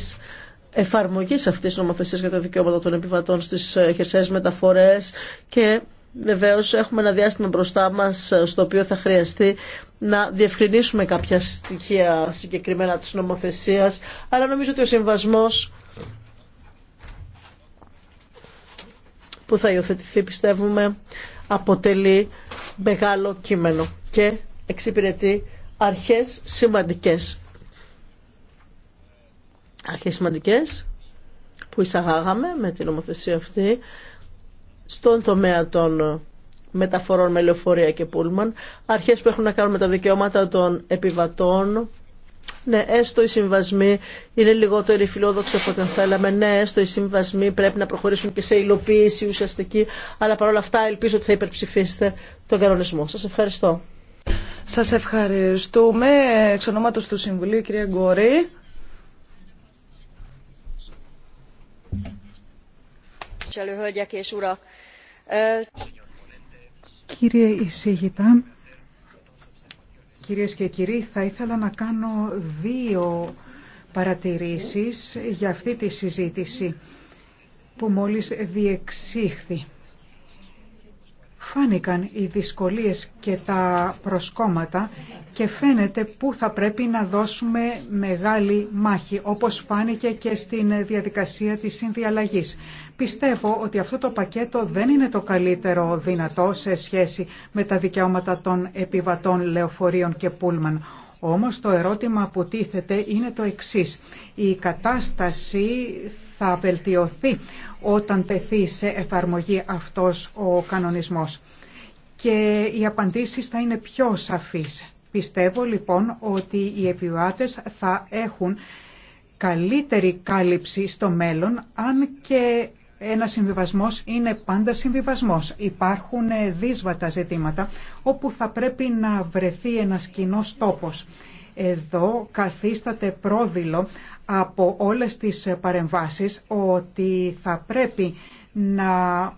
εφαρμογής αυτής της νομοθεσίας για τα δικαιώματα των επιβατών στις χερσαίες μεταφορές και βεβαίως έχουμε ένα διάστημα μπροστά μας στο οποίο θα χρειαστεί να διευκρινίσουμε κάποια στοιχεία συγκεκριμένα της νομοθεσίας αλλά νομίζω ότι ο συμβασμός που θα υιοθετηθεί πιστεύουμε αποτελεί μεγάλο κείμενο και εξυπηρετεί αρχές σημαντικές. Αρχές σημαντικές που εισαγάγαμε με την νομοθεσία αυτή στον τομέα των μεταφορών με λεωφορεία και πούλμαν, αρχές που έχουν να κάνουν με τα δικαιώματα των επιβατών, ναι, έστω οι συμβασμοί είναι λιγότερο φιλόδοξοι από ό,τι θέλαμε. Ναι, έστω οι συμβασμοί πρέπει να προχωρήσουν και σε υλοποίηση ουσιαστική. Αλλά παρόλα αυτά ελπίζω ότι θα υπερψηφίσετε τον κανονισμό. Σας ευχαριστώ. Σας ευχαριστούμε. Εξ ονόματος του Συμβουλίου, κυρία Γκόρη. Κύριε Ισήγητα, κυρίες και κύριοι, θα ήθελα να κάνω δύο παρατηρήσεις για αυτή τη συζήτηση που μόλις διεξήχθη φάνηκαν οι δυσκολίες και τα προσκόμματα και φαίνεται που θα πρέπει να δώσουμε μεγάλη μάχη, όπως φάνηκε και στην διαδικασία της συνδιαλλαγής. Πιστεύω ότι αυτό το πακέτο δεν είναι το καλύτερο δυνατό σε σχέση με τα δικαιώματα των επιβατών λεωφορείων και πούλμαν. Όμως το ερώτημα που τίθεται είναι το εξής. Η κατάσταση θα βελτιωθεί όταν τεθεί σε εφαρμογή αυτός ο κανονισμός. Και οι απαντήσεις θα είναι πιο σαφείς. Πιστεύω λοιπόν ότι οι επιβάτες θα έχουν καλύτερη κάλυψη στο μέλλον, αν και ένα συμβιβασμό είναι πάντα συμβιβασμός. Υπάρχουν ε, δύσβατα ζητήματα όπου θα πρέπει να βρεθεί ένας κοινό τόπος. Εδώ καθίσταται πρόδειλο από όλες τις παρεμβάσεις ότι θα πρέπει να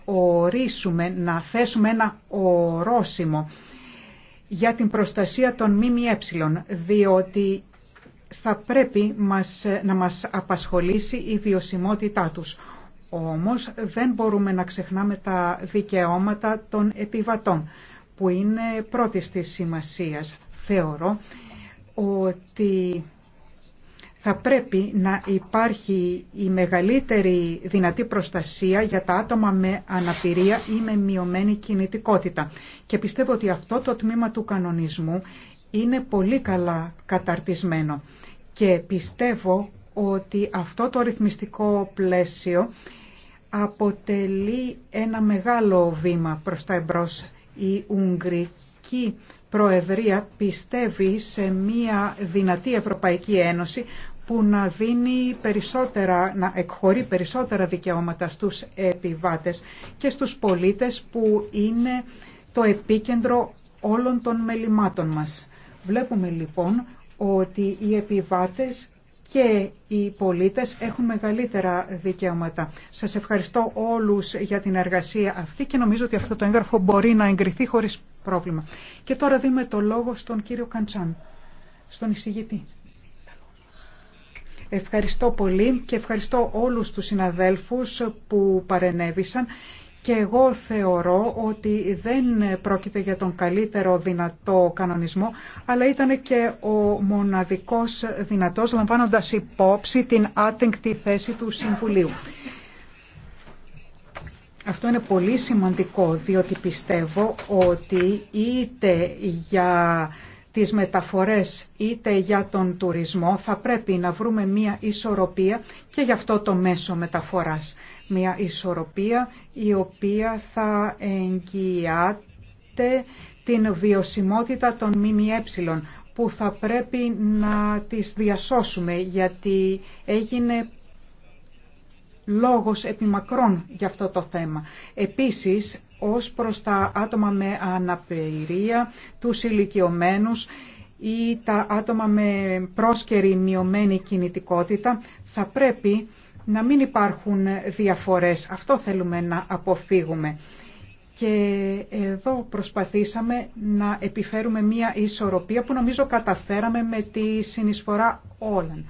ορίσουμε, να θέσουμε ένα ορόσημο για την προστασία των ΜΜΕ, διότι θα πρέπει μας, να μας απασχολήσει η βιωσιμότητά τους. Όμως δεν μπορούμε να ξεχνάμε τα δικαιώματα των επιβατών που είναι πρώτη τη σημασίας. Θεωρώ ότι θα πρέπει να υπάρχει η μεγαλύτερη δυνατή προστασία για τα άτομα με αναπηρία ή με μειωμένη κινητικότητα. Και πιστεύω ότι αυτό το τμήμα του κανονισμού είναι πολύ καλά καταρτισμένο. Και πιστεύω ότι αυτό το ρυθμιστικό πλαίσιο αποτελεί ένα μεγάλο βήμα προς τα εμπρός. Η Ουγγρική Προεδρία πιστεύει σε μια δυνατή Ευρωπαϊκή Ένωση που να δίνει περισσότερα, να εκχωρεί περισσότερα δικαιώματα στους επιβάτες και στους πολίτες που είναι το επίκεντρο όλων των μελημάτων μας. Βλέπουμε λοιπόν ότι οι επιβάτες και οι πολίτες έχουν μεγαλύτερα δικαιώματα. Σας ευχαριστώ όλους για την εργασία αυτή και νομίζω ότι αυτό το έγγραφο μπορεί να εγκριθεί χωρίς πρόβλημα. Και τώρα δίνουμε το λόγο στον κύριο Καντσάν, στον εισηγητή. Ευχαριστώ πολύ και ευχαριστώ όλους τους συναδέλφους που παρενέβησαν και εγώ θεωρώ ότι δεν πρόκειται για τον καλύτερο δυνατό κανονισμό, αλλά ήταν και ο μοναδικός δυνατός, λαμβάνοντας υπόψη την άτεγκτη θέση του Συμβουλίου. Αυτό είναι πολύ σημαντικό, διότι πιστεύω ότι είτε για τις μεταφορές είτε για τον τουρισμό θα πρέπει να βρούμε μία ισορροπία και γι' αυτό το μέσο μεταφοράς μια ισορροπία η οποία θα εγγυάται την βιωσιμότητα των ΜΜΕ που θα πρέπει να τις διασώσουμε γιατί έγινε λόγος επιμακρών για αυτό το θέμα. Επίσης, ως προς τα άτομα με αναπηρία, τους ηλικιωμένους ή τα άτομα με πρόσκαιρη μειωμένη κινητικότητα, θα πρέπει να μην υπάρχουν διαφορές. Αυτό θέλουμε να αποφύγουμε. Και εδώ προσπαθήσαμε να επιφέρουμε μία ισορροπία που νομίζω καταφέραμε με τη συνεισφορά όλων.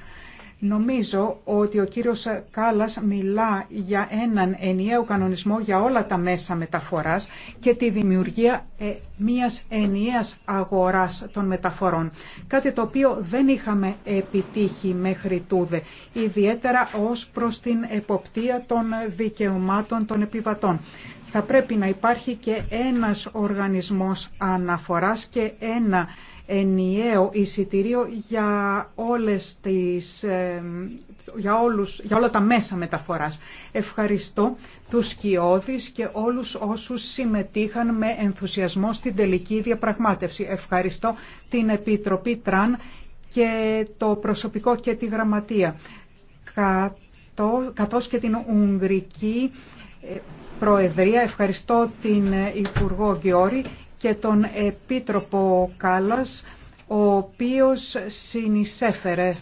Νομίζω ότι ο κύριος Κάλλας μιλά για έναν ενιαίο κανονισμό για όλα τα μέσα μεταφοράς και τη δημιουργία ε, μιας ενιαίας αγοράς των μεταφορών. Κάτι το οποίο δεν είχαμε επιτύχει μέχρι τούδε, ιδιαίτερα ως προς την εποπτεία των δικαιωμάτων των επιβατών. Θα πρέπει να υπάρχει και ένας οργανισμός αναφοράς και ένα ενιαίο εισιτήριο για, όλες τις, ε, για, όλους, για όλα τα μέσα μεταφοράς. Ευχαριστώ τους Κιώδης και όλους όσους συμμετείχαν με ενθουσιασμό στην τελική διαπραγμάτευση. Ευχαριστώ την Επιτροπή Τραν και το προσωπικό και τη γραμματεία, καθώς και την Ουγγρική ε, Προεδρία. Ευχαριστώ την ε, Υπουργό Γιώρη και τον Επίτροπο Κάλλας, ο οποίος συνεισέφερε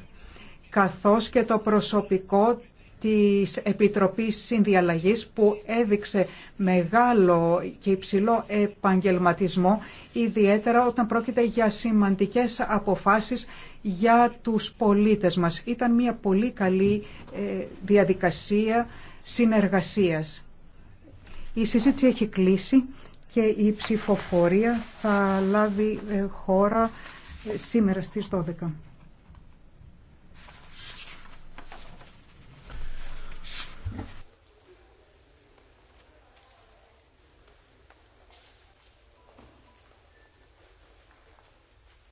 καθώς και το προσωπικό της Επιτροπής Συνδιαλλαγής που έδειξε μεγάλο και υψηλό επαγγελματισμό, ιδιαίτερα όταν πρόκειται για σημαντικές αποφάσεις για τους πολίτες μας. Ήταν μια πολύ καλή ε, διαδικασία συνεργασίας. Η συζήτηση έχει κλείσει και η ψηφοφορία θα λάβει ε, χώρα σήμερα στις 12.